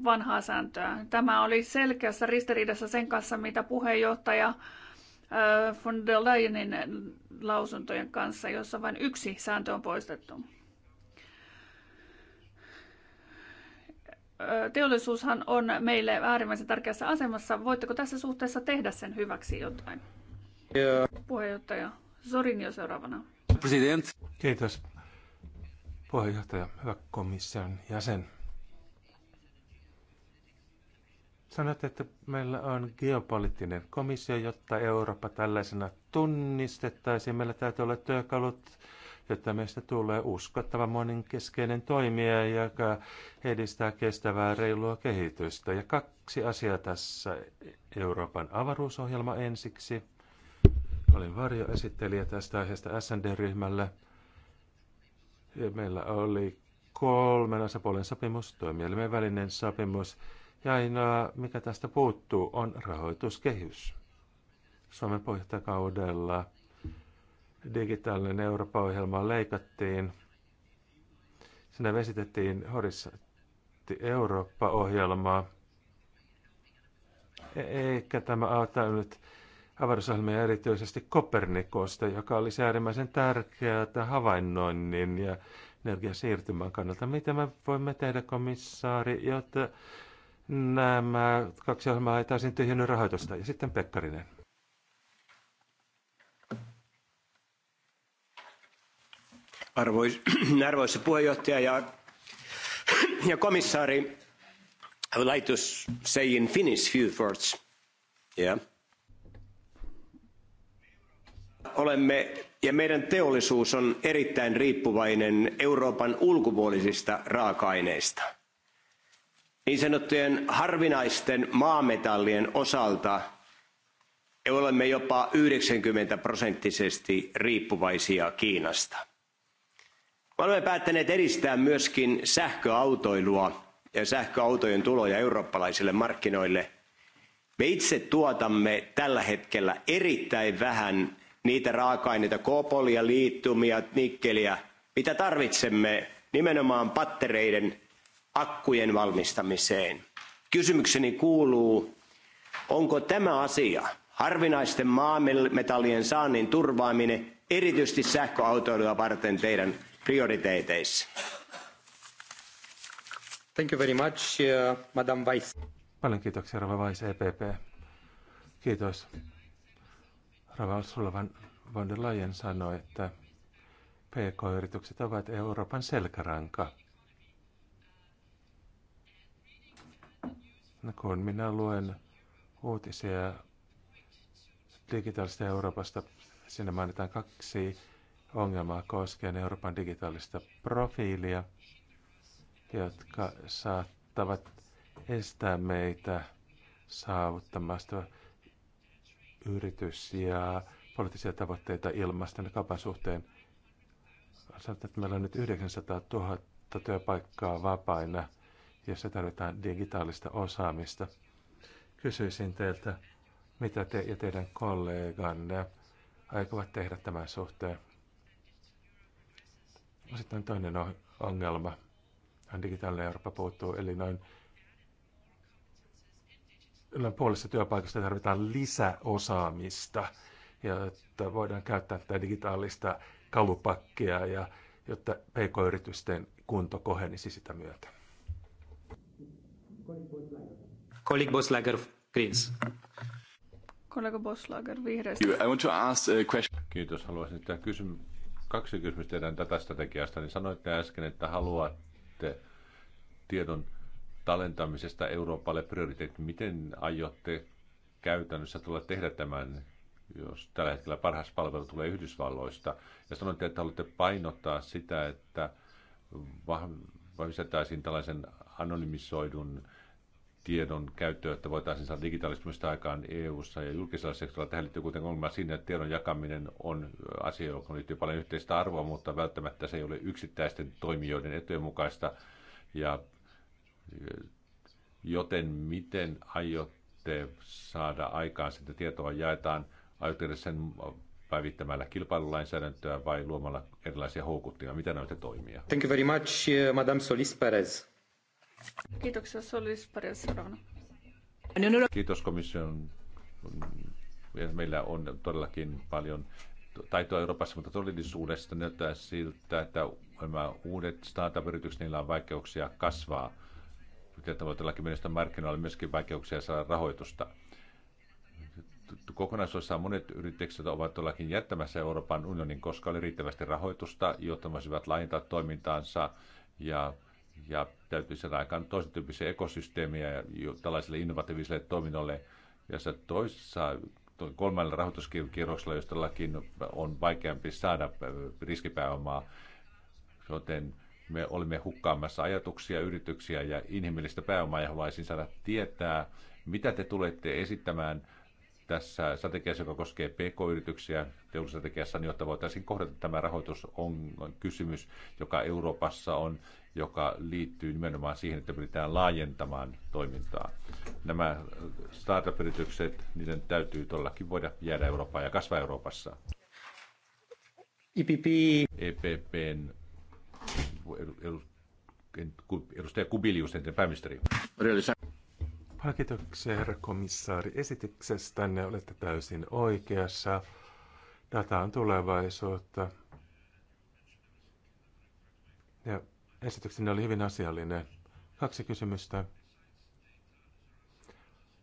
vanhaa sääntöä. Tämä oli selkeässä ristiriidassa sen kanssa, mitä puheenjohtaja äh, von der Leyenin lausuntojen kanssa, jossa vain yksi sääntö on poistettu. teollisuushan on meille äärimmäisen tärkeässä asemassa. Voitteko tässä suhteessa tehdä sen hyväksi jotain? Yeah. Puheenjohtaja Sorinio seuraavana. President. Kiitos. Puheenjohtaja, hyvä komission jäsen. Sanoit, että meillä on geopoliittinen komissio, jotta Eurooppa tällaisena tunnistettaisiin. Meillä täytyy olla työkalut jotta meistä tulee uskottava moninkeskeinen toimija, joka edistää kestävää reilua kehitystä. Ja kaksi asiaa tässä. Euroopan avaruusohjelma ensiksi. Olin varjoesittelijä tästä aiheesta SND-ryhmälle. Meillä oli kolmen osapuolen sopimus, toimielimen välinen sopimus. Ja ainoa, mikä tästä puuttuu, on rahoituskehys. Suomen puheenjohtajakaudella kaudella digitaalinen Eurooppa-ohjelma leikattiin. Sinä vesitettiin Horisontti Eurooppa-ohjelmaa. E Eikä tämä auta nyt avaruusohjelmia erityisesti Kopernikosta, joka oli äärimmäisen tärkeää havainnoinnin ja energiasiirtymän kannalta. Mitä me voimme tehdä, komissaari, jotta nämä kaksi ohjelmaa ei täysin tyhjennyt rahoitusta? Ja sitten Pekkarinen. Arvoisa puheenjohtaja ja, ja komissaari, I would like to say in Finnish few words. Yeah. Olemme ja meidän teollisuus on erittäin riippuvainen Euroopan ulkopuolisista raaka-aineista. Niin sanottujen harvinaisten maametallien osalta olemme jopa 90 prosenttisesti riippuvaisia Kiinasta – olemme päättäneet edistää myöskin sähköautoilua ja sähköautojen tuloja eurooppalaisille markkinoille. me itse tuotamme tällä hetkellä erittäin vähän niitä raaka aineita koopolia liittumia, nikkeliä mitä tarvitsemme nimenomaan pattereiden akkujen valmistamiseen. kysymykseni kuuluu onko tämä asia harvinaisten maametallien saannin turvaaminen erityisesti sähköautoilua varten teidän prioriteeteissa. Thank you very much, uh, Madam Vice. Paljon kiitoksia, Rava Vice, EPP. Kiitos. Rava Sullivan von der Leyen sanoi, että PK-yritykset ovat Euroopan selkäranka. No, kun minä luen uutisia digitaalista Euroopasta, siinä mainitaan kaksi ongelmaa koskien Euroopan digitaalista profiilia, jotka saattavat estää meitä saavuttamasta yritys- ja poliittisia tavoitteita ilmaston ja kaupan suhteen. Sanotaan, että meillä on nyt 900 000 työpaikkaa vapaina, jossa tarvitaan digitaalista osaamista. Kysyisin teiltä, mitä te ja teidän kolleganne aikovat tehdä tämän suhteen? Sitten toinen ongelma. Digitaalinen Eurooppa puuttuu, eli noin yllä puolessa työpaikasta tarvitaan lisäosaamista, jotta voidaan käyttää tätä digitaalista kalupakkia ja jotta pk-yritysten kunto kohenisi sitä myötä. Kollega Boslager, Greens. Kollega Boslager, vihreistä. I want to ask a question. Kiitos, haluaisin tämän kysymyksen Kaksi kysymystä teidän datastrategiasta, niin sanoitte äsken, että haluatte tiedon talentamisesta Euroopalle prioriteetti. Miten aiotte käytännössä tulla tehdä tämän, jos tällä hetkellä parhaas palvelu tulee Yhdysvalloista? Ja sanoitte, että haluatte painottaa sitä, että vahvistettaisiin tällaisen anonymisoidun tiedon käyttöä, että voitaisiin saada digitaalistumista aikaan EU-ssa ja julkisella sektorilla. Tähän liittyy kuitenkin ongelma siinä, että tiedon jakaminen on asia, joka liittyy paljon yhteistä arvoa, mutta välttämättä se ei ole yksittäisten toimijoiden etujen mukaista. Ja, e, joten miten aiotte saada aikaan sitä tietoa jaetaan? Aiotte sen päivittämällä kilpailulainsäädäntöä vai luomalla erilaisia houkuttimia? Mitä näitä toimia? Thank you very much, eh, Madame Solis Perez. Kiitoksia, Solis Pares seuraavana. No, no, no. Kiitos komission. Meillä on todellakin paljon taitoa Euroopassa, mutta todellisuudesta näyttää siltä, että nämä uudet startup-yritykset, niillä on vaikeuksia kasvaa. todellakin menestä markkinoilla myöskin vaikeuksia saada rahoitusta. Kokonaisuudessaan monet yritykset ovat todellakin jättämässä Euroopan unionin, koska oli riittävästi rahoitusta, jotta voisivat laajentaa toimintaansa ja ja täytyy saada aikaan toisen tyyppisiä ekosysteemejä tällaisille innovatiivisille toiminnoille. Ja se toisessa kolmannella rahoituskierroksella, josta lakin on vaikeampi saada äh, riskipääomaa, joten me olimme hukkaamassa ajatuksia, yrityksiä ja inhimillistä pääomaa ja haluaisin saada tietää, mitä te tulette esittämään tässä strategiassa, joka koskee PK-yrityksiä, teollisuusstrategiassa, niin jotta voitaisiin kohdata tämä rahoitus, on kysymys, joka Euroopassa on, joka liittyy nimenomaan siihen, että pyritään laajentamaan toimintaa. Nämä startup-yritykset, niiden täytyy todellakin voida jäädä Eurooppaan ja kasvaa Euroopassa. IPP. EPPn edustaja Kubilius, entinen pääministeri. Paljon kiitoksia, herra komissaari, esityksestänne. Olette täysin oikeassa. Data on tulevaisuutta. Ja esityksenne oli hyvin asiallinen. Kaksi kysymystä.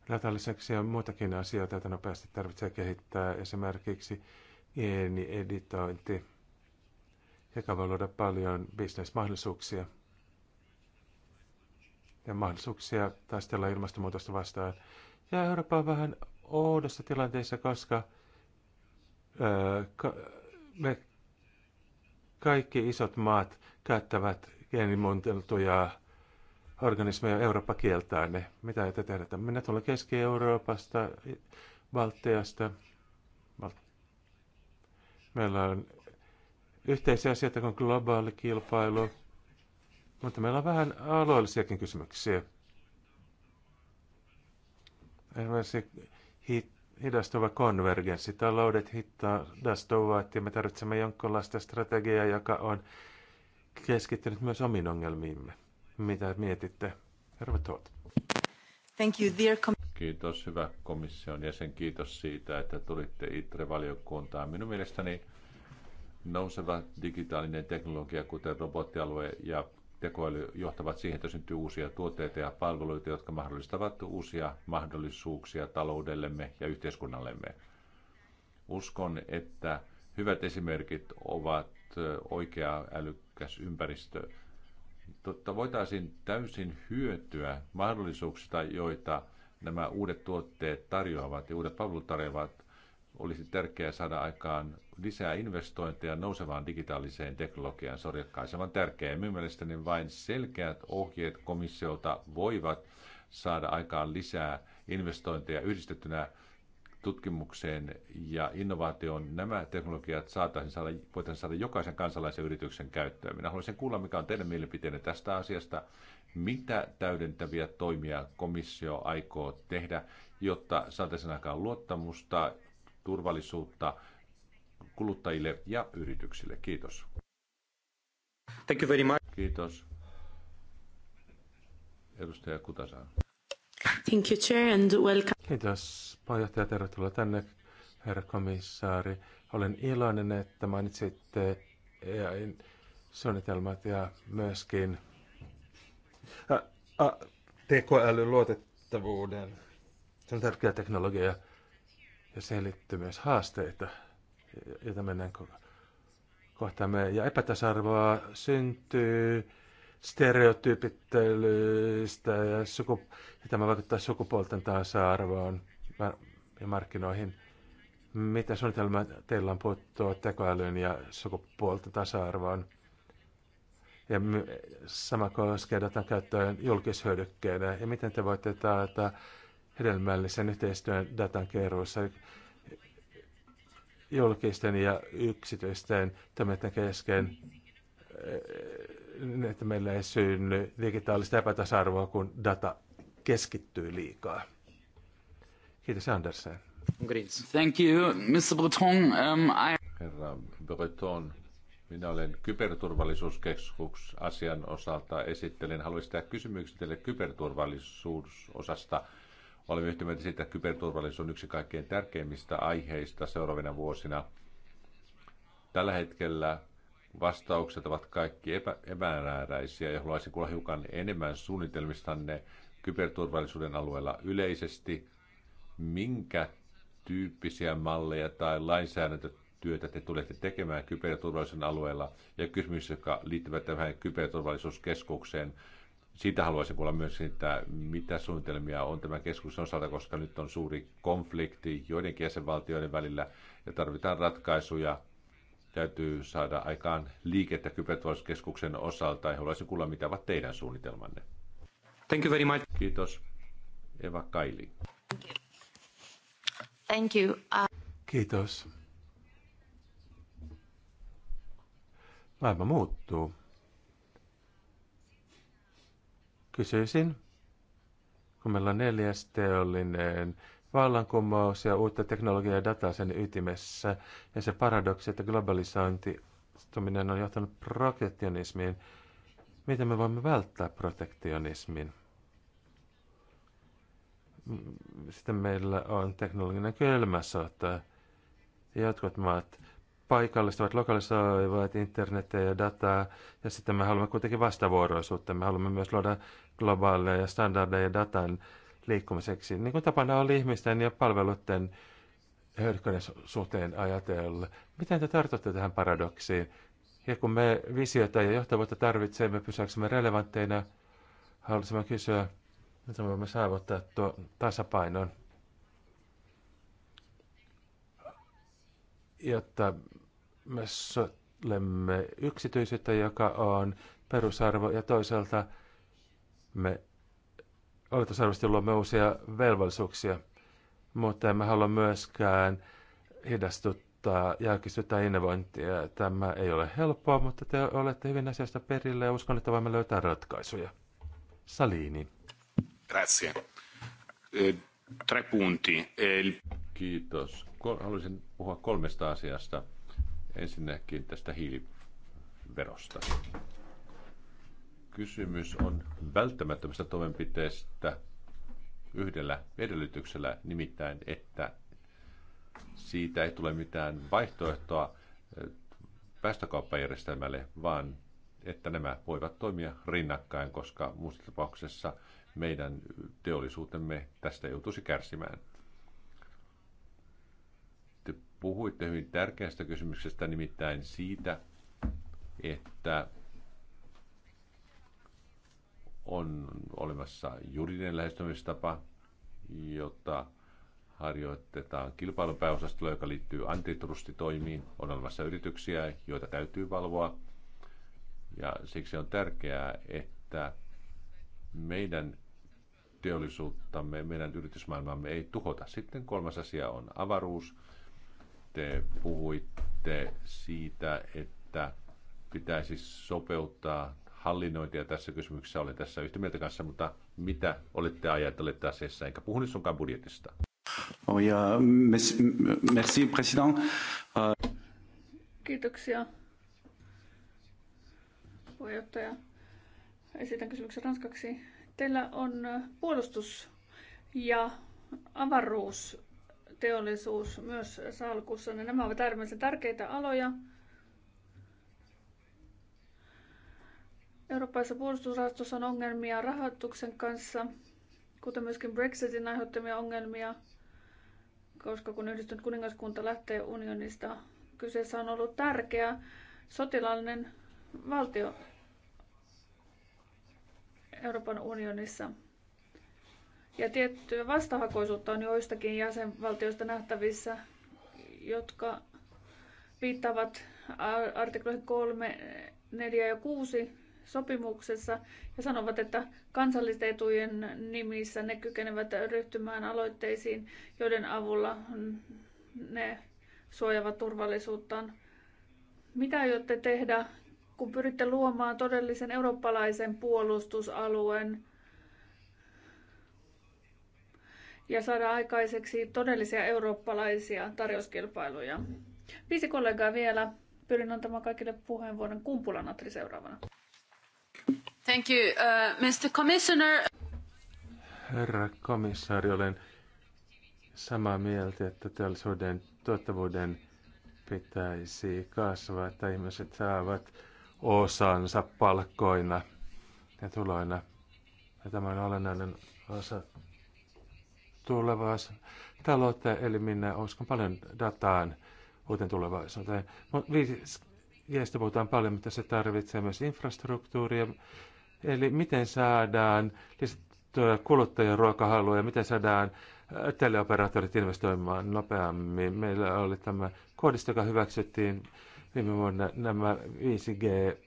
Datan lisäksi on muitakin asioita, joita nopeasti tarvitsee kehittää. Esimerkiksi geenieditointi, joka voi luoda paljon bisnesmahdollisuuksia – ja mahdollisuuksia taistella ilmastonmuutosta vastaan. Ja Eurooppa on vähän oudossa tilanteessa, koska öö, ka, me kaikki isot maat käyttävät geenimuunteltuja organismeja Eurooppa kieltää ne. Mitä te tehdä? Minä tulen Keski-Euroopasta, Baltiasta. Meillä on yhteisiä asioita kuin globaali kilpailu – mutta meillä on vähän alueellisiakin kysymyksiä. Esimerkiksi hidastuva konvergenssi. Taloudet hidastuvat ja me tarvitsemme jonkinlaista strategiaa, joka on keskittynyt myös omiin ongelmiimme. Mitä mietitte? Herra Tuot. Thank you, dear Kiitos, hyvä komission jäsen. Kiitos siitä, että tulitte ITRE-valiokuntaan. Minun mielestäni nouseva digitaalinen teknologia, kuten robottialue ja tekoäly johtavat siihen, että syntyy uusia tuotteita ja palveluita, jotka mahdollistavat uusia mahdollisuuksia taloudellemme ja yhteiskunnallemme. Uskon, että hyvät esimerkit ovat oikea älykäs ympäristö. Totta voitaisiin täysin hyötyä mahdollisuuksista, joita nämä uudet tuotteet tarjoavat ja uudet palvelut tarjoavat olisi tärkeää saada aikaan lisää investointeja nousevaan digitaaliseen teknologiaan. Se on ratkaisevan tärkeää. Minun mielestäni vain selkeät ohjeet komissiolta voivat saada aikaan lisää investointeja yhdistettynä tutkimukseen ja innovaatioon. Nämä teknologiat saataisiin saada, voitaisiin saada jokaisen kansalaisen yrityksen käyttöön. Minä haluaisin kuulla, mikä on teidän mielipiteenne tästä asiasta. Mitä täydentäviä toimia komissio aikoo tehdä, jotta saataisiin aikaan luottamusta turvallisuutta kuluttajille ja yrityksille. Kiitos. Thank you very much. Kiitos. Edustaja Kutasaan. Thank you, Chair, and welcome. Kiitos, puheenjohtaja. Tervetuloa tänne, herra komissaari. Olen iloinen, että mainitsitte EAIn suunnitelmat ja myöskin tekoälyn luotettavuuden. Se on tärkeä teknologia ja siihen liittyy myös haasteita, joita mennään kohtaamme. Ja epätasarvoa syntyy stereotyypittelyistä ja, suku, ja tämä vaikuttaa sukupuolten tasa-arvoon ja markkinoihin. Mitä suunnitelma teillä on puuttua tekoälyn ja sukupuolten tasa-arvoon? Ja sama koskee datan käyttöön julkishyödykkeenä. Ja miten te voitte taata hedelmällisen yhteistyön datan keruussa julkisten ja yksityisten toimijoiden kesken, eh, että meillä ei synny digitaalista epätasa-arvoa, kun data keskittyy liikaa. Kiitos Andersen. Thank you, Mr. Breton. Um, I... Herra Breton, minä olen kyberturvallisuuskeskus asian osalta esittelen. Haluaisin tehdä kysymyksiä teille kyberturvallisuusosasta. Olemme yhtä mieltä siitä, että kyberturvallisuus on yksi kaikkein tärkeimmistä aiheista seuraavina vuosina. Tällä hetkellä vastaukset ovat kaikki epä, epämääräisiä ja haluaisin kuulla hiukan enemmän suunnitelmistanne kyberturvallisuuden alueella yleisesti. Minkä tyyppisiä malleja tai lainsäädäntötyötä te tulette tekemään kyberturvallisuuden alueella ja kysymys, joka liittyvät tähän kyberturvallisuuskeskukseen, siitä haluaisin kuulla myös siitä, mitä suunnitelmia on tämän keskustelun osalta, koska nyt on suuri konflikti joidenkin jäsenvaltioiden välillä ja tarvitaan ratkaisuja. Täytyy saada aikaan liikettä kyberturvallisuuskeskuksen osalta ja haluaisin kuulla, mitä ovat teidän suunnitelmanne. Thank you very much. Kiitos. Eva Kaili. Thank you. Thank you. Uh... Kiitos. Maailma muuttuu. Kysyisin, kun meillä on neljäs teollinen vallankumous ja uutta teknologiaa ja dataa sen ytimessä, ja se paradoksi, että globalisointistuminen on johtanut protektionismiin, miten me voimme välttää protektionismin? Sitten meillä on teknologinen kylmäsota. Jotkut maat paikallistavat, lokalisoivat internetiä ja dataa, ja sitten me haluamme kuitenkin vastavuoroisuutta. Me haluamme myös luoda globaaleja standardeja datan liikkumiseksi, niin kuin tapana oli ihmisten ja palveluiden hyödykkäinen suhteen ajatella. Miten te tartutte tähän paradoksiin? Ja kun me visiota ja johtavuutta tarvitsemme, pysäksemme relevantteina, haluaisimme kysyä, miten voimme saavuttaa tuo tasapainon, jotta me sotlemme yksityisyyttä, joka on perusarvo, ja toisaalta me oletusarvoisesti luomme uusia velvollisuuksia, mutta emme halua myöskään hidastuttaa, jäykistyttää innovointia. Tämä ei ole helppoa, mutta te olette hyvin asiasta perille ja uskon, että voimme löytää ratkaisuja. Salini. Grazie. Eh, tre punti. Eh, Kiitos. Haluaisin puhua kolmesta asiasta. Ensinnäkin tästä hiiliverosta. Kysymys on välttämättömästä toimenpiteestä yhdellä edellytyksellä, nimittäin että siitä ei tule mitään vaihtoehtoa eh, päästökauppajärjestelmälle, vaan että nämä voivat toimia rinnakkain, koska muussa tapauksessa meidän teollisuutemme tästä joutuisi kärsimään puhuitte hyvin tärkeästä kysymyksestä, nimittäin siitä, että on olemassa juridinen lähestymistapa, jota harjoitetaan kilpailupääosastolla, joka liittyy antitrustitoimiin. On olemassa yrityksiä, joita täytyy valvoa. Ja siksi on tärkeää, että meidän teollisuuttamme, meidän yritysmaailmamme ei tuhota. Sitten kolmas asia on avaruus te puhuitte siitä, että pitäisi sopeuttaa hallinnointia tässä kysymyksessä. Olen tässä yhtä mieltä kanssa, mutta mitä olette ajatelleet asiassa? Enkä puhu nyt sunkaan budjetista. Oh ja, merci, merci president. Uh... Kiitoksia, puheenjohtaja. Esitän kysymyksen ranskaksi. Teillä on puolustus ja avaruus teollisuus myös salkussa. Niin nämä ovat äärimmäisen tärkeitä aloja. Euroopassa puolustusrahastossa on ongelmia rahoituksen kanssa, kuten myöskin Brexitin aiheuttamia ongelmia, koska kun yhdistynyt kuningaskunta lähtee unionista, kyseessä on ollut tärkeä sotilaallinen valtio Euroopan unionissa. Ja tiettyä vastahakoisuutta on joistakin jäsenvaltioista nähtävissä, jotka viittaavat artikloihin 3, 4 ja 6 sopimuksessa ja sanovat, että kansallisten etujen nimissä ne kykenevät ryhtymään aloitteisiin, joiden avulla ne suojaavat turvallisuuttaan. Mitä aiotte tehdä, kun pyritte luomaan todellisen eurooppalaisen puolustusalueen ja saada aikaiseksi todellisia eurooppalaisia tarjouskilpailuja. Viisi kollegaa vielä. Pyrin antamaan kaikille puheenvuoron Kumpulanatri seuraavana. Thank you, uh, Mr. Commissioner. Herra komissaari, olen samaa mieltä, että teollisuuden tuottavuuden pitäisi kasvaa, että ihmiset saavat osansa palkkoina ja tuloina. Ja tämä on olennainen osa tulevaa taloutta, eli minä uskon paljon dataan uuteen tulevaisuuteen. 5 puhutaan paljon, mutta se tarvitsee myös infrastruktuuria, eli miten saadaan lisättyä kuluttajien ruokahalua ja miten saadaan äh, teleoperaattorit investoimaan nopeammin. Meillä oli tämä koodisto, joka hyväksyttiin viime vuonna nämä 5G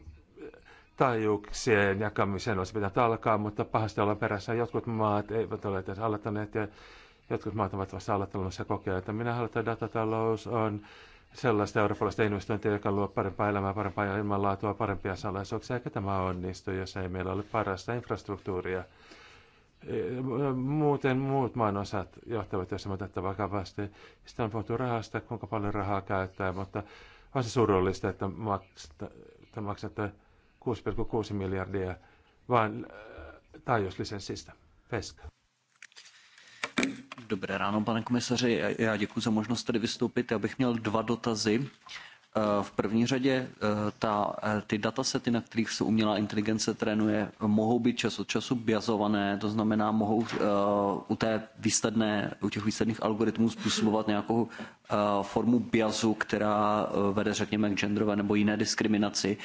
taajuuksien jakamisen olisi pitänyt alkaa, mutta pahasti ollaan perässä. Jotkut maat eivät ole edes aloittaneet ja jotkut maat ovat vasta aloittelemassa kokea, että minä haluan, että datatalous on sellaista eurooppalaista investointia, joka luo parempaa elämää, parempaa ilmanlaatua, parempia salaisuuksia, eikä tämä onnistu, jos ei meillä ole parasta infrastruktuuria. Muuten muut maan osat johtavat, jos on otettava vakavasti. Sitten on puhuttu rahasta, kuinka paljon rahaa käyttää, mutta on se surullista, että maksatte, että 6,6 miljardia, vaan äh, taajuuslisenssistä. Veska. Dobré ráno, pane komisaři. Já děkuji za možnost tady vystoupit. Já bych měl dva dotazy. Eh, v první řadě eh, ta, eh, ty datasety, na kterých se umělá inteligence trénuje, mohou být čas od času biazované, to znamená, mohou uh, u, té výsledné, u těch výsledných algoritmů způsobovat nějakou uh, formu biazu, která vede, řekněme, k genderové nebo jiné diskriminaci.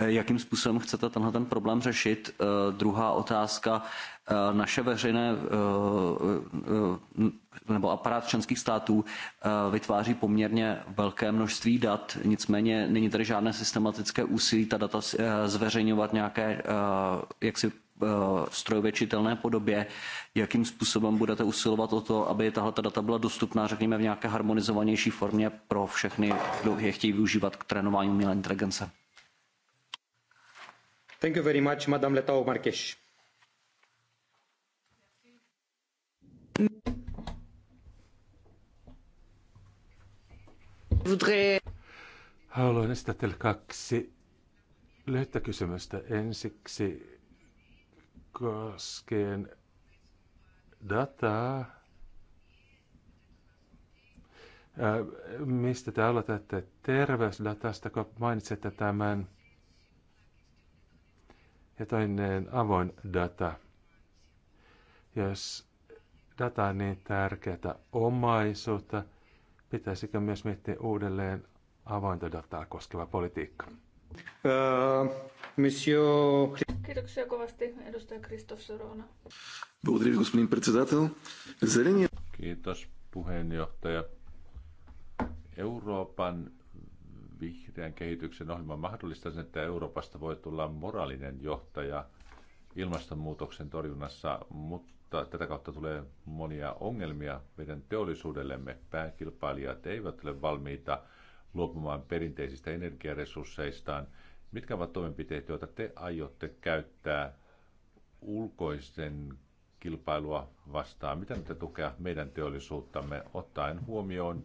Jakým způsobem chcete tenhle ten problém řešit? Uh, druhá otázka, Eh, naše veřejné eh, eh, nebo aparát členských států vytváří poměrně velké množství dat, nicméně není tady žádné systematické úsilí ta data zveřejňovat nějaké jaksi strojově čitelné podobě, jakým způsobem budete usilovat o to, aby tahle data byla dostupná, řekněme, v nějaké harmonizovanější formě pro všechny, kdo je chtějí využívat k trénování umělé inteligence. Thank you very much, Madame Letao Marques. Haluan esittää teille kaksi lyhyttä kysymystä. Ensiksi koskien dataa. Mistä te aloitatte terveysdatasta, kun mainitsette tämän? Ja toinen avoin data. Jos data on niin tärkeää omaisuutta, Pitäisikö myös miettiä uudelleen avointa koskeva politiikka? Uh, monsieur... Kiitoksia kovasti, edustaja Kristof Sorona. Kiitos, puheenjohtaja. Euroopan vihreän kehityksen ohjelma mahdollistaa sen, että Euroopasta voi tulla moraalinen johtaja ilmastonmuutoksen torjunnassa, mutta mutta tätä kautta tulee monia ongelmia meidän teollisuudellemme. Pääkilpailijat eivät ole valmiita luopumaan perinteisistä energiaresursseistaan. Mitkä ovat toimenpiteet, joita te aiotte käyttää ulkoisten kilpailua vastaan? Miten te tukea meidän teollisuuttamme ottaen huomioon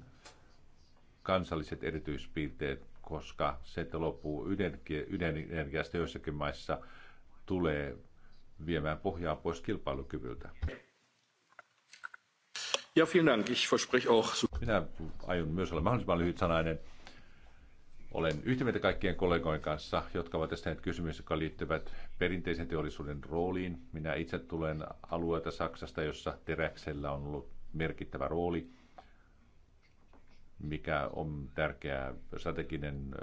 kansalliset erityispiirteet, koska se, että loppuu ydinenergiasta joissakin maissa, tulee viemään pohjaa pois kilpailukyvyltä. Ja vielen Dank. Ich verspreche auch. Minä aion myös olla mahdollisimman lyhyt sanainen. Olen yhtä mieltä kaikkien kollegojen kanssa, jotka ovat esittäneet kysymyksiä, jotka liittyvät perinteisen teollisuuden rooliin. Minä itse tulen alueelta Saksasta, jossa teräksellä on ollut merkittävä rooli, mikä on tärkeä strateginen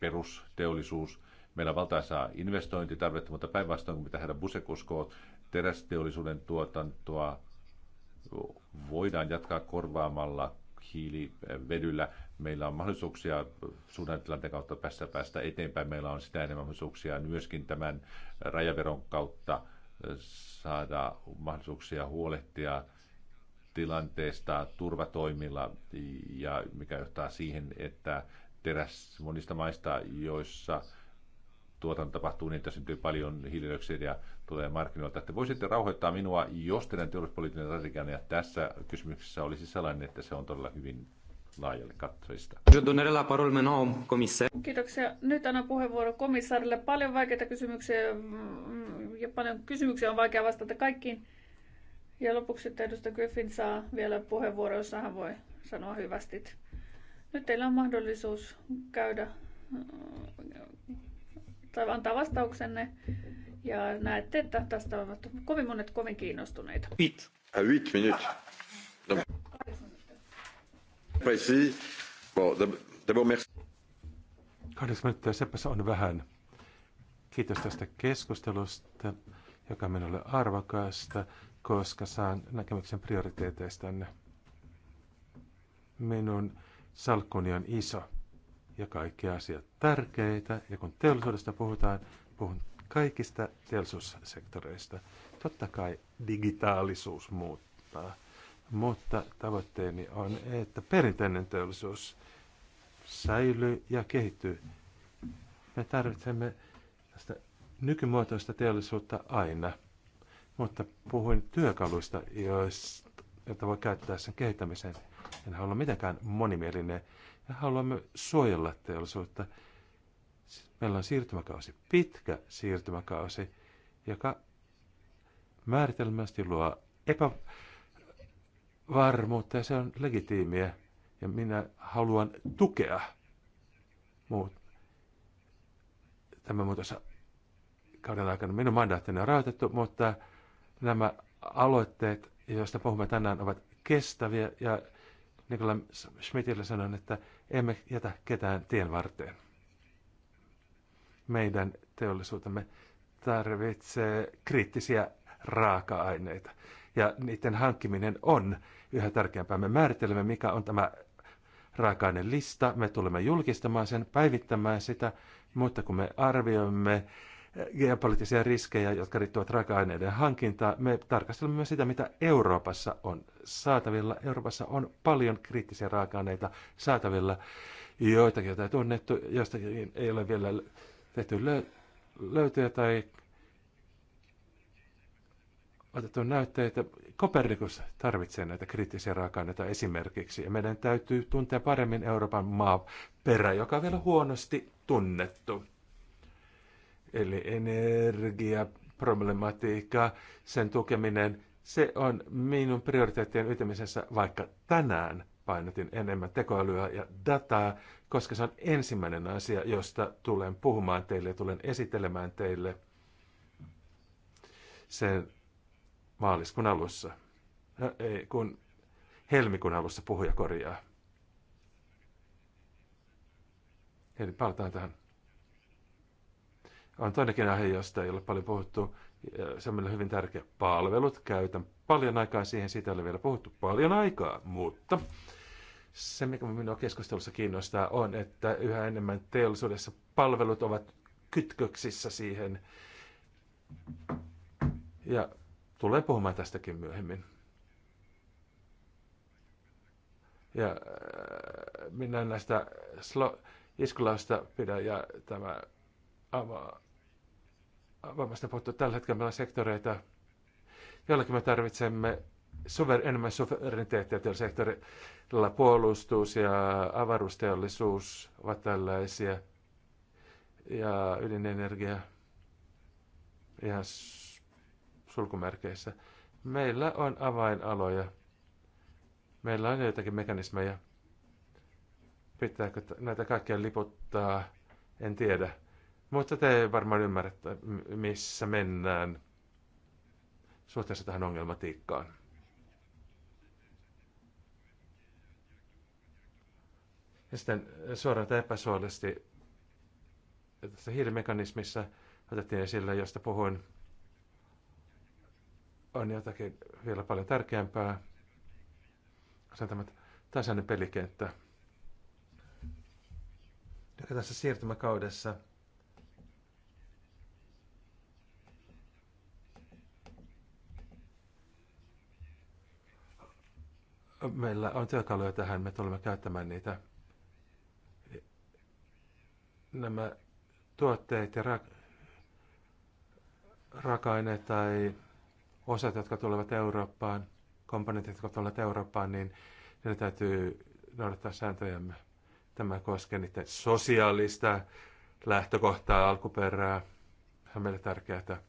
perusteollisuus. Meillä on valtaisaa investointitarvetta, mutta päinvastoin kun me herra busekuskoa, terästeollisuuden tuotantoa voidaan jatkaa korvaamalla hiilivedyllä. Meillä on mahdollisuuksia suhdannetilanteen kautta päästä, päästä eteenpäin. Meillä on sitä enemmän mahdollisuuksia myöskin tämän rajaveron kautta eh, saada mahdollisuuksia huolehtia tilanteesta turvatoimilla ja mikä johtaa siihen, että teräs monista maista, joissa tuotanto tapahtuu niin, että syntyy paljon hiilidioksidia tulee markkinoilta. Että voisitte rauhoittaa minua, jos teidän teollisuuspoliittinen strategianne tässä kysymyksessä olisi sellainen, että se on todella hyvin laajalle katsoista. Kiitoksia. Nyt annan puheenvuoro komissaarille. Paljon vaikeita kysymyksiä mm, ja paljon kysymyksiä on vaikea vastata kaikkiin. Ja lopuksi sitten edustaja Griffin saa vielä puheenvuoro, jossa hän voi sanoa hyvästit. Nyt teillä on mahdollisuus käydä mm, tai antaa vastauksenne. Ja näette, että tästä on kovin monet kovin kiinnostuneita. Pit. A huit minutes. No. Pas Bon, Kahdeksan minuuttia, seppäs on vähän. Kiitos tästä keskustelusta, joka minulle arvokasta, koska saan näkemyksen prioriteeteistanne. Minun salkkuni on iso ja kaikki asiat tärkeitä. Ja kun teollisuudesta puhutaan, puhun kaikista teollisuussektoreista. Totta kai digitaalisuus muuttaa, mutta tavoitteeni on, että perinteinen teollisuus säilyy ja kehittyy. Me tarvitsemme tästä nykymuotoista teollisuutta aina, mutta puhuin työkaluista, joista voi käyttää sen kehittämiseen. En halua mitenkään monimielinen me haluamme suojella teollisuutta. Meillä on siirtymäkausi, pitkä siirtymäkausi, joka määritelmästi luo epävarmuutta ja se on legitiimiä. Ja minä haluan tukea muut. Tämä muutos kauden aikana minun mandaattini on rajoitettu, mutta nämä aloitteet, joista puhumme tänään, ovat kestäviä. Ja Nikola Schmidtille sanon, että emme jätä ketään tien varteen. Meidän teollisuutemme tarvitsee kriittisiä raaka-aineita. Ja niiden hankkiminen on yhä tärkeämpää. Me määrittelemme, mikä on tämä raaka lista, Me tulemme julkistamaan sen, päivittämään sitä, mutta kun me arvioimme geopoliittisia riskejä, jotka liittyvät raaka-aineiden hankintaan. Me tarkastelemme myös sitä, mitä Euroopassa on saatavilla. Euroopassa on paljon kriittisiä raaka-aineita saatavilla. Joitakin, joita ei tunnettu, joistakin ei ole vielä tehty lö- löytöjä tai otettu näytteitä. Kopernikus tarvitsee näitä kriittisiä raaka-aineita esimerkiksi, ja meidän täytyy tuntea paremmin Euroopan maaperä, joka on vielä huonosti tunnettu. Eli energia, sen tukeminen, se on minun prioriteettien ytimisessä, vaikka tänään painotin enemmän tekoälyä ja dataa, koska se on ensimmäinen asia, josta tulen puhumaan teille ja tulen esittelemään teille sen maaliskuun alussa. No, ei, kun helmikuun alussa puhuja korjaa. Eli palataan tähän on toinenkin aihe, josta ei ole paljon puhuttu. Se on meille hyvin tärkeä. Palvelut. Käytän paljon aikaa siihen. Siitä ei ole vielä puhuttu paljon aikaa, mutta se, mikä minua keskustelussa kiinnostaa, on, että yhä enemmän teollisuudessa palvelut ovat kytköksissä siihen. Ja tulee puhumaan tästäkin myöhemmin. Ja äh, minä näistä slo- iskulausta pidän ja tämä avaa vammasta puhuttu, tällä hetkellä meillä on sektoreita, joillakin me tarvitsemme suver, enemmän suvereniteettia tällä sektorilla. Puolustus ja avaruusteollisuus ovat tällaisia. Ja ydinenergia ihan sulkumerkeissä. Meillä on avainaloja. Meillä on joitakin mekanismeja. Pitääkö näitä kaikkia liputtaa? En tiedä. Mutta te varmaan ymmärrätte, missä mennään suhteessa tähän ongelmatiikkaan. Ja sitten suoraan tai epäsuolesti tässä hiilimekanismissa otettiin esille, josta puhuin, on jotakin vielä paljon tärkeämpää. Se on tämä tasainen pelikenttä, Ja tässä siirtymäkaudessa – meillä on työkaluja tähän, me tulemme käyttämään niitä. Nämä tuotteet ja ra- raaka-aineet tai osat, jotka tulevat Eurooppaan, komponentit, jotka tulevat Eurooppaan, niin ne täytyy noudattaa sääntöjämme. Tämä koskee niiden sosiaalista lähtökohtaa, alkuperää. Se on meille tärkeää.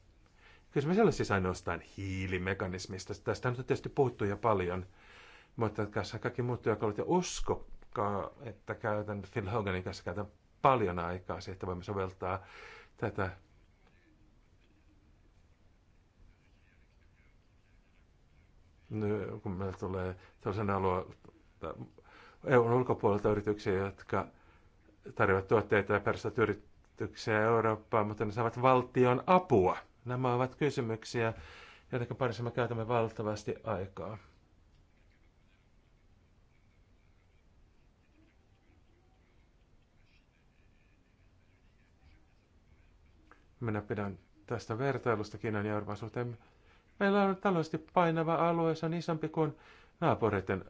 Kysymys ei ole siis ainoastaan hiilimekanismista. Tästä on tietysti puhuttu jo paljon – mutta kanssa kaikki muut työkalut. Ja uskokaa, että käytän Phil Hoganin kanssa käytän paljon aikaa siihen, että voimme soveltaa tätä kun meillä tulee sellaisen alueen EUn ulkopuolelta yrityksiä, jotka tarjoavat tuotteita ja perustavat yrityksiä Eurooppaan, mutta ne saavat valtion apua. Nämä ovat kysymyksiä, joiden parissa me käytämme valtavasti aikaa. Minä pidän tästä vertailusta Kiinan ja Euroopan suhteen. Meillä on taloudellisesti painava alue, se on isompi kuin naapureiden.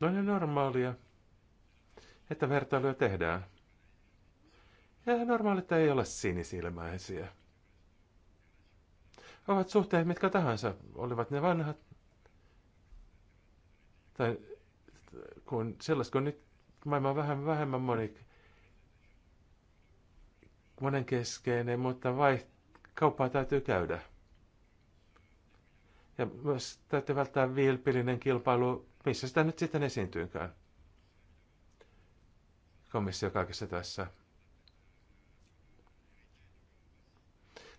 No niin normaalia, että vertailuja tehdään. Ja normaalit ei ole sinisilmäisiä. Ovat suhteet mitkä tahansa, olivat ne vanhat. Tai kun sellaiset, kun nyt maailma on vähän vähemmän monikin monenkeskeinen, mutta vai, kauppaa täytyy käydä. Ja myös täytyy välttää vilpillinen kilpailu, missä sitä nyt sitten esiintyykään. Komissio kaikessa tässä.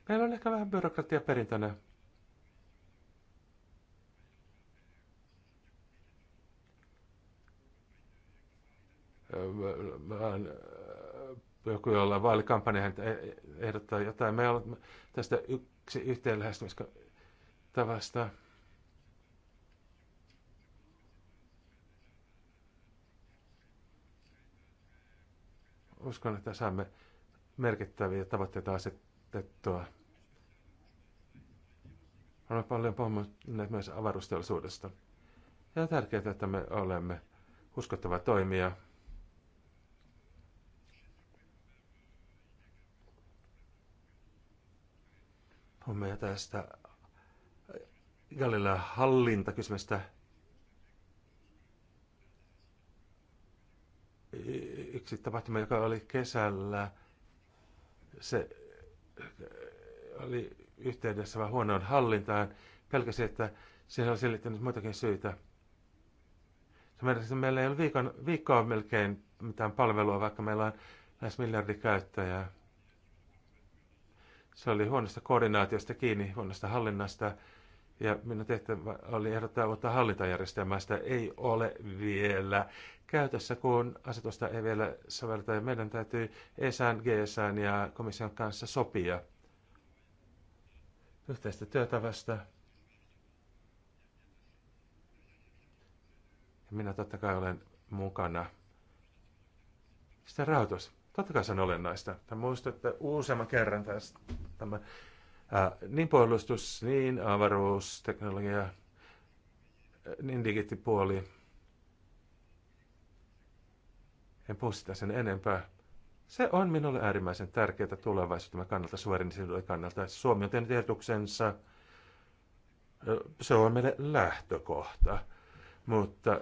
Meillä on ehkä vähän byrokratia perintönä. Öö, mä, mä, joku, jollain on vaalikampanja, hän e- e- ehdottaa jotain. Me ollaan tästä yksi yhteen lähestymistavasta. Uskon, että saamme merkittäviä tavoitteita asetettua. Olemme paljon puhuneet myös avaruusteollisuudesta. Ja on tärkeää, että me olemme uskottava toimija – On meidän tästä Galilean hallintakysymystä. Yksi tapahtuma, joka oli kesällä, se oli yhteydessä vähän huonoon hallintaan. Pelkäsi, että siihen on selittänyt muitakin syitä. Se merkitsi, meillä ei ole viikon, viikkoa melkein mitään palvelua, vaikka meillä on lähes miljardi käyttäjää. Se oli huonosta koordinaatiosta kiinni, huonosta hallinnasta. Ja minun tehtävä oli ehdottaa uutta hallintajärjestelmää. Sitä ei ole vielä käytössä, kun asetusta ei vielä sovelleta. Ja meidän täytyy ESAN, GSAN ja komission kanssa sopia yhteistä työtavasta. Ja minä totta kai olen mukana. Sitten rahoitus. Totta kai se on olennaista. Tämä että useamman kerran tästä. Tämä, ää, niin puolustus, niin avaruusteknologia, niin digittipuoli. En puhu sitä sen enempää. Se on minulle äärimmäisen tärkeää tulevaisuutta kannalta, suverenisuuden kannalta. Suomi on tehnyt ehdotuksensa. Se on meille lähtökohta. Mutta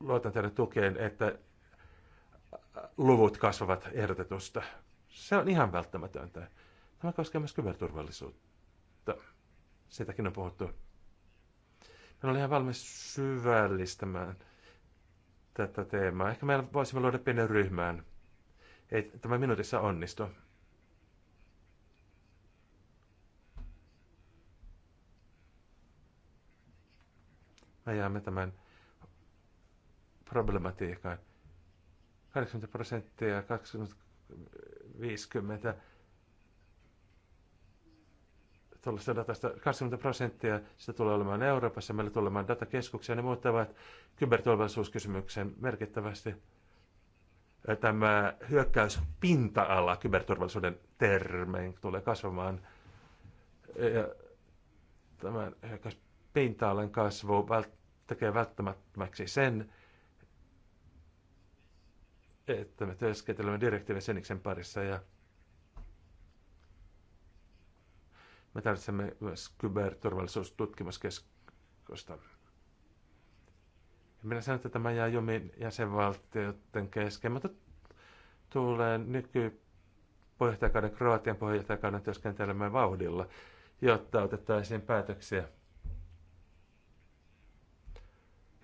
luotan teidän tukeen, että luvut kasvavat ehdotetusta. Se on ihan välttämätöntä. Tämä koskee myös kyberturvallisuutta. Siitäkin on puhuttu. Minä olen ihan valmis syvällistämään tätä teemaa. Ehkä meillä voisimme luoda pienen ryhmään. Ei tämä minuutissa onnistu. Me jäämme tämän problematiikan 80 prosenttia 50 tuollaista datasta 20 prosenttia, sitä tulee olemaan Euroopassa, meillä tulee olemaan datakeskuksia, ne muuttavat kyberturvallisuuskysymyksen merkittävästi. Tämä hyökkäys pinta-ala kyberturvallisuuden termein tulee kasvamaan. Ja tämän hyökkäys pinta-alan kasvu tekee välttämättömäksi sen, että me työskentelemme direktiivin Seniksen parissa ja me tarvitsemme myös kyberturvallisuustutkimuskeskusta. Ja minä sanon, että tämä jää jomin jäsenvaltioiden kesken, mutta tulee nyky pohjohtajakauden, Kroatian pohjohtajakauden työskentelemään vauhdilla, jotta otettaisiin päätöksiä –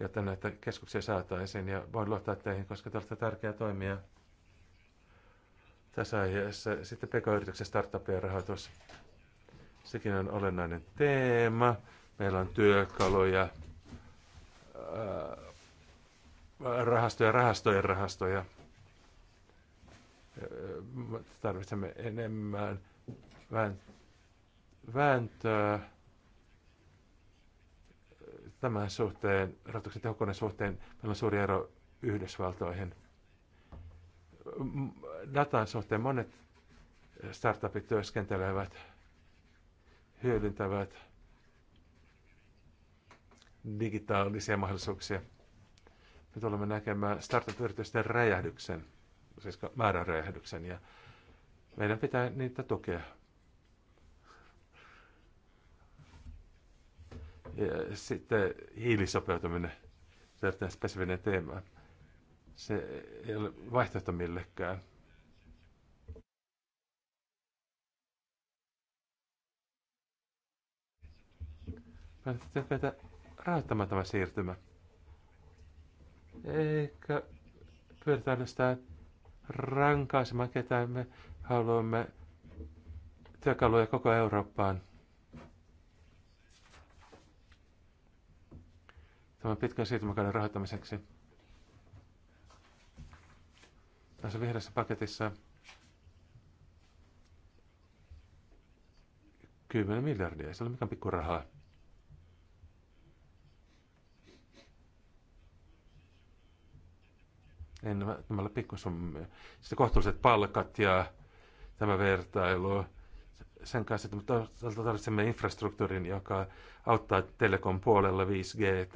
jotta näitä keskuksia saataisiin. Ja voin luottaa teihin, koska te olette tärkeä toimija tässä aiheessa. Sitten pk-yrityksen startupien rahoitus. Sekin on olennainen teema. Meillä on työkaluja, rahastoja, rahastojen rahastoja. Tarvitsemme enemmän vääntöä tämän suhteen, rahoituksen tehokkuuden suhteen, meillä on suuri ero Yhdysvaltoihin. Datan suhteen monet startupit työskentelevät, hyödyntävät digitaalisia mahdollisuuksia. Me tulemme näkemään startup-yritysten räjähdyksen, siis määrän räjähdyksen, ja meidän pitää niitä tukea. Ja sitten hiilisopeutuminen, tämä spesifinen teema, se ei ole vaihtoehto millekään. Päätettiin vetää tämä siirtymä. Eikä pyritään ainoastaan rankaisemaan ketään. Me haluamme työkaluja koko Eurooppaan tämän pitkän siirtymäkauden rahoittamiseksi. Tässä vihreässä paketissa 10 miljardia, ei se ole mikään pikku rahaa. En nämä ole pikkusummia. Sitten kohtuulliset palkat ja tämä vertailu sen kanssa, että me tarvitsemme infrastruktuurin, joka auttaa telekom puolella 5G,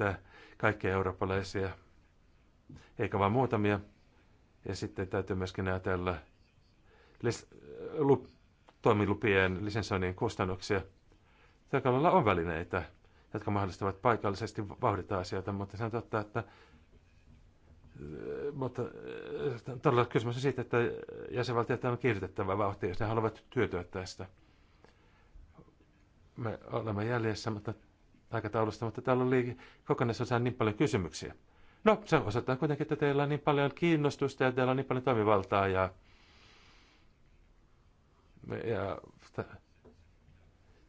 kaikkia eurooppalaisia, eikä vain muutamia. Ja sitten täytyy myöskin ajatella lis- lup- toimilupien lisensoinnin kustannuksia. Työkalulla on välineitä, jotka mahdollistavat paikallisesti vauhdittaa asioita, mutta se on totta, että äh, mutta äh, todella kysymys on siitä, että jäsenvaltiot on kiihdytettävä vauhtia, jos ne haluavat työtyä tästä. Me olemme jäljessä, mutta aikataulusta, mutta täällä oli kokonaisuudessaan niin paljon kysymyksiä. No, se osoittaa kuitenkin, että teillä on niin paljon kiinnostusta ja teillä on niin paljon toimivaltaa ja, ja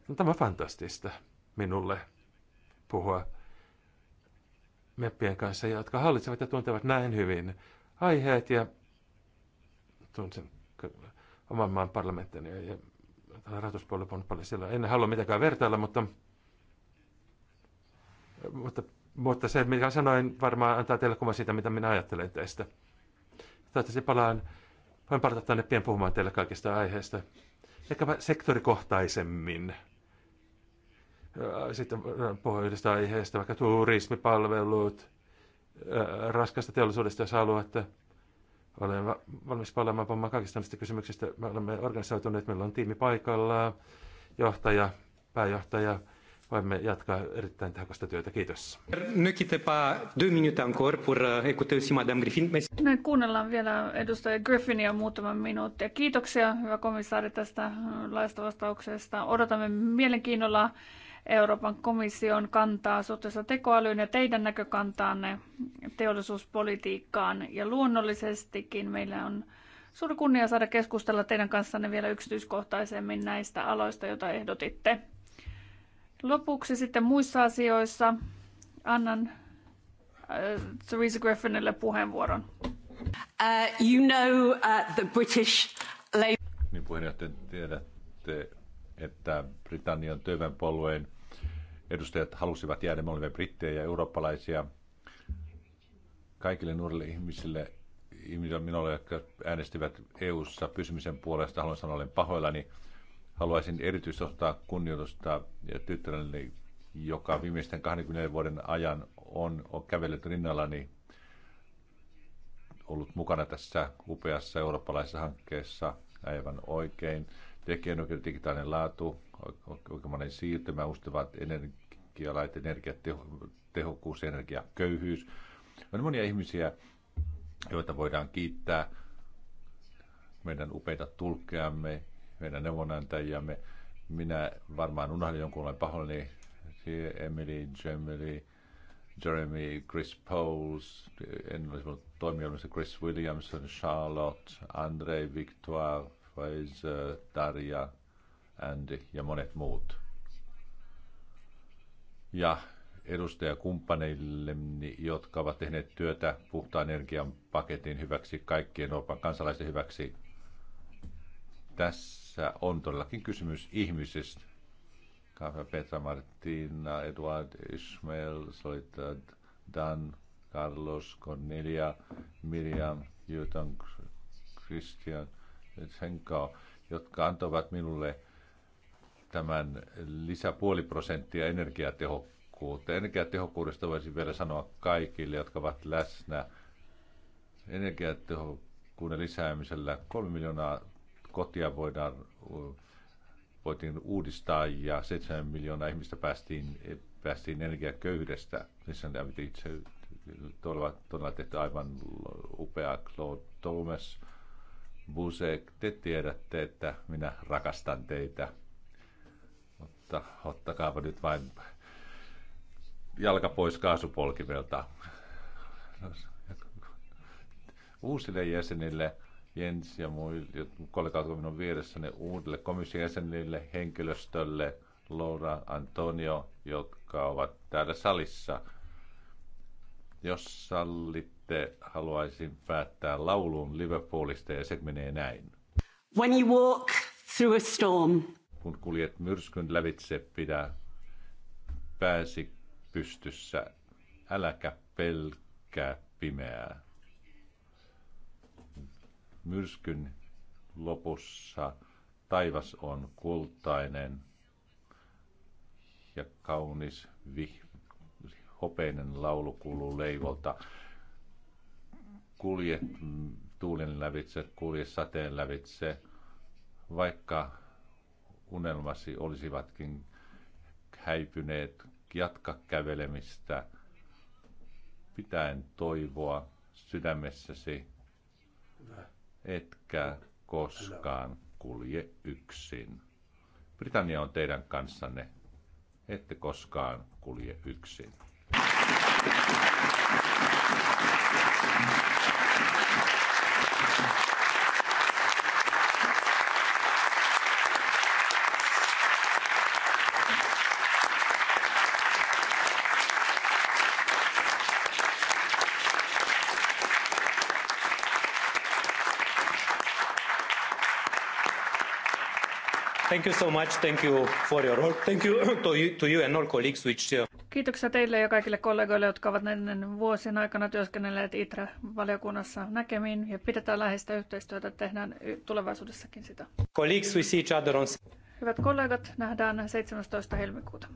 no, tämä on fantastista minulle puhua meppien kanssa, jotka hallitsevat ja tuntevat näin hyvin aiheet ja tunsin oman maan parlamenttini ja, ja rahoituspuolella on paljon siellä. En halua mitenkään vertailla, mutta mutta, mutta se, mitä sanoin, varmaan antaa teille kuvan siitä, mitä minä ajattelen teistä. Toivottavasti palaan, voin palata tänne pian puhumaan teille kaikista aiheista. Ehkä sektorikohtaisemmin. Äh, sitten äh, puhun yhdestä aiheesta, vaikka turismipalvelut, äh, raskasta teollisuudesta, jos haluatte olen valmis palaamaan pommaan kaikista näistä kysymyksistä. Me olemme organisoituneet, meillä on tiimi paikalla, johtaja, pääjohtaja, voimme jatkaa erittäin tehokasta työtä. Kiitos. Uh, Me kuunnellaan vielä edustaja Griffinia muutaman minuuttia. Kiitoksia, hyvä komissaari, tästä laista vastauksesta. Odotamme mielenkiinnolla Euroopan komission kantaa suhteessa tekoälyyn ja teidän näkökantaanne teollisuuspolitiikkaan. Ja luonnollisestikin meillä on suuri kunnia saada keskustella teidän kanssanne vielä yksityiskohtaisemmin näistä aloista, joita ehdotitte. Lopuksi sitten muissa asioissa annan uh, Theresa Griffinille puheenvuoron. Uh, you know uh, the British Niin puheenjohtaja, tiedätte, että Britannian työväenpuolueen edustajat halusivat jäädä. Me olemme brittejä ja eurooppalaisia. Kaikille nuorille ihmisille, ihmisille minulle, jotka äänestivät EU-ssa pysymisen puolesta, haluan sanoa, olen pahoillani. Niin Haluaisin erityisesti ottaa kunnioitusta tyttärelleni, joka viimeisten 20 vuoden ajan on, on kävellyt rinnallani niin ollut mukana tässä upeassa eurooppalaisessa hankkeessa aivan oikein. Tekijänoikeuden digitaalinen laatu, oikeamainen siirtymä, uusiutuvat energialait, energiatehokkuus, energiaköyhyys. On monia ihmisiä, joita voidaan kiittää meidän upeita tulkkeamme, meidän neuvonantajiamme. Minä varmaan unohdin jonkun, olen pahoillani. Emily, Jemily, Jeremy, Chris Poles, en olisi ollut toimijoimissa Chris Williamson, Charlotte, Andre, Victoire, Fraser, Daria, Andy ja monet muut. Ja edustajakumppaneille, jotka ovat tehneet työtä puhtaan energian paketin hyväksi, kaikkien Euroopan kansalaisten hyväksi. Tässä tässä on todellakin kysymys ihmisistä. Kaffe Petra Martina, Eduard Ismail, Solita Dan, Carlos, Cornelia, Miriam, Jutan, Christian, Senka, jotka antoivat minulle tämän lisäpuoli prosenttia energiatehokkuutta. Energiatehokkuudesta voisin vielä sanoa kaikille, jotka ovat läsnä. Energiatehokkuuden lisäämisellä 3 miljoonaa kotia voidaan, voitiin uudistaa ja 7 miljoonaa ihmistä päästiin, päästiin energiaköyhdestä. Missä on itse todella, todella tehty aivan upea Claude Thomas. Busek, te tiedätte, että minä rakastan teitä. Mutta ottakaapa nyt vain jalka pois kaasupolkimelta. Uusille jäsenille Jens ja muille kollegat ovat minun vieressäni uudelle komission jäsenille, henkilöstölle, Laura, Antonio, jotka ovat täällä salissa. Jos sallitte, haluaisin päättää laulun Liverpoolista ja se menee näin. When you walk through a storm. Kun kuljet myrskyn lävitse, pidä pääsi pystyssä. Äläkä pelkää pimeää myrskyn lopussa taivas on kultainen ja kaunis vih, hopeinen laulu kuuluu leivolta. Kulje tuulen lävitse, kulje sateen lävitse, vaikka unelmasi olisivatkin häipyneet, jatka kävelemistä, pitäen toivoa sydämessäsi. Hyvä etkä koskaan kulje yksin. Britannia on teidän kanssanne, ette koskaan kulje yksin. Thank you so much. Thank you for your role. Thank you to you, to you and all colleagues which... uh... Kiitoksia teille ja kaikille kollegoille, jotka ovat näiden vuosien aikana työskennelleet ITRA-valiokunnassa näkemiin ja pidetään läheistä yhteistyötä, tehdään tulevaisuudessakin sitä. Colleagues, we see each other on... Hyvät kollegat, nähdään 17. helmikuuta.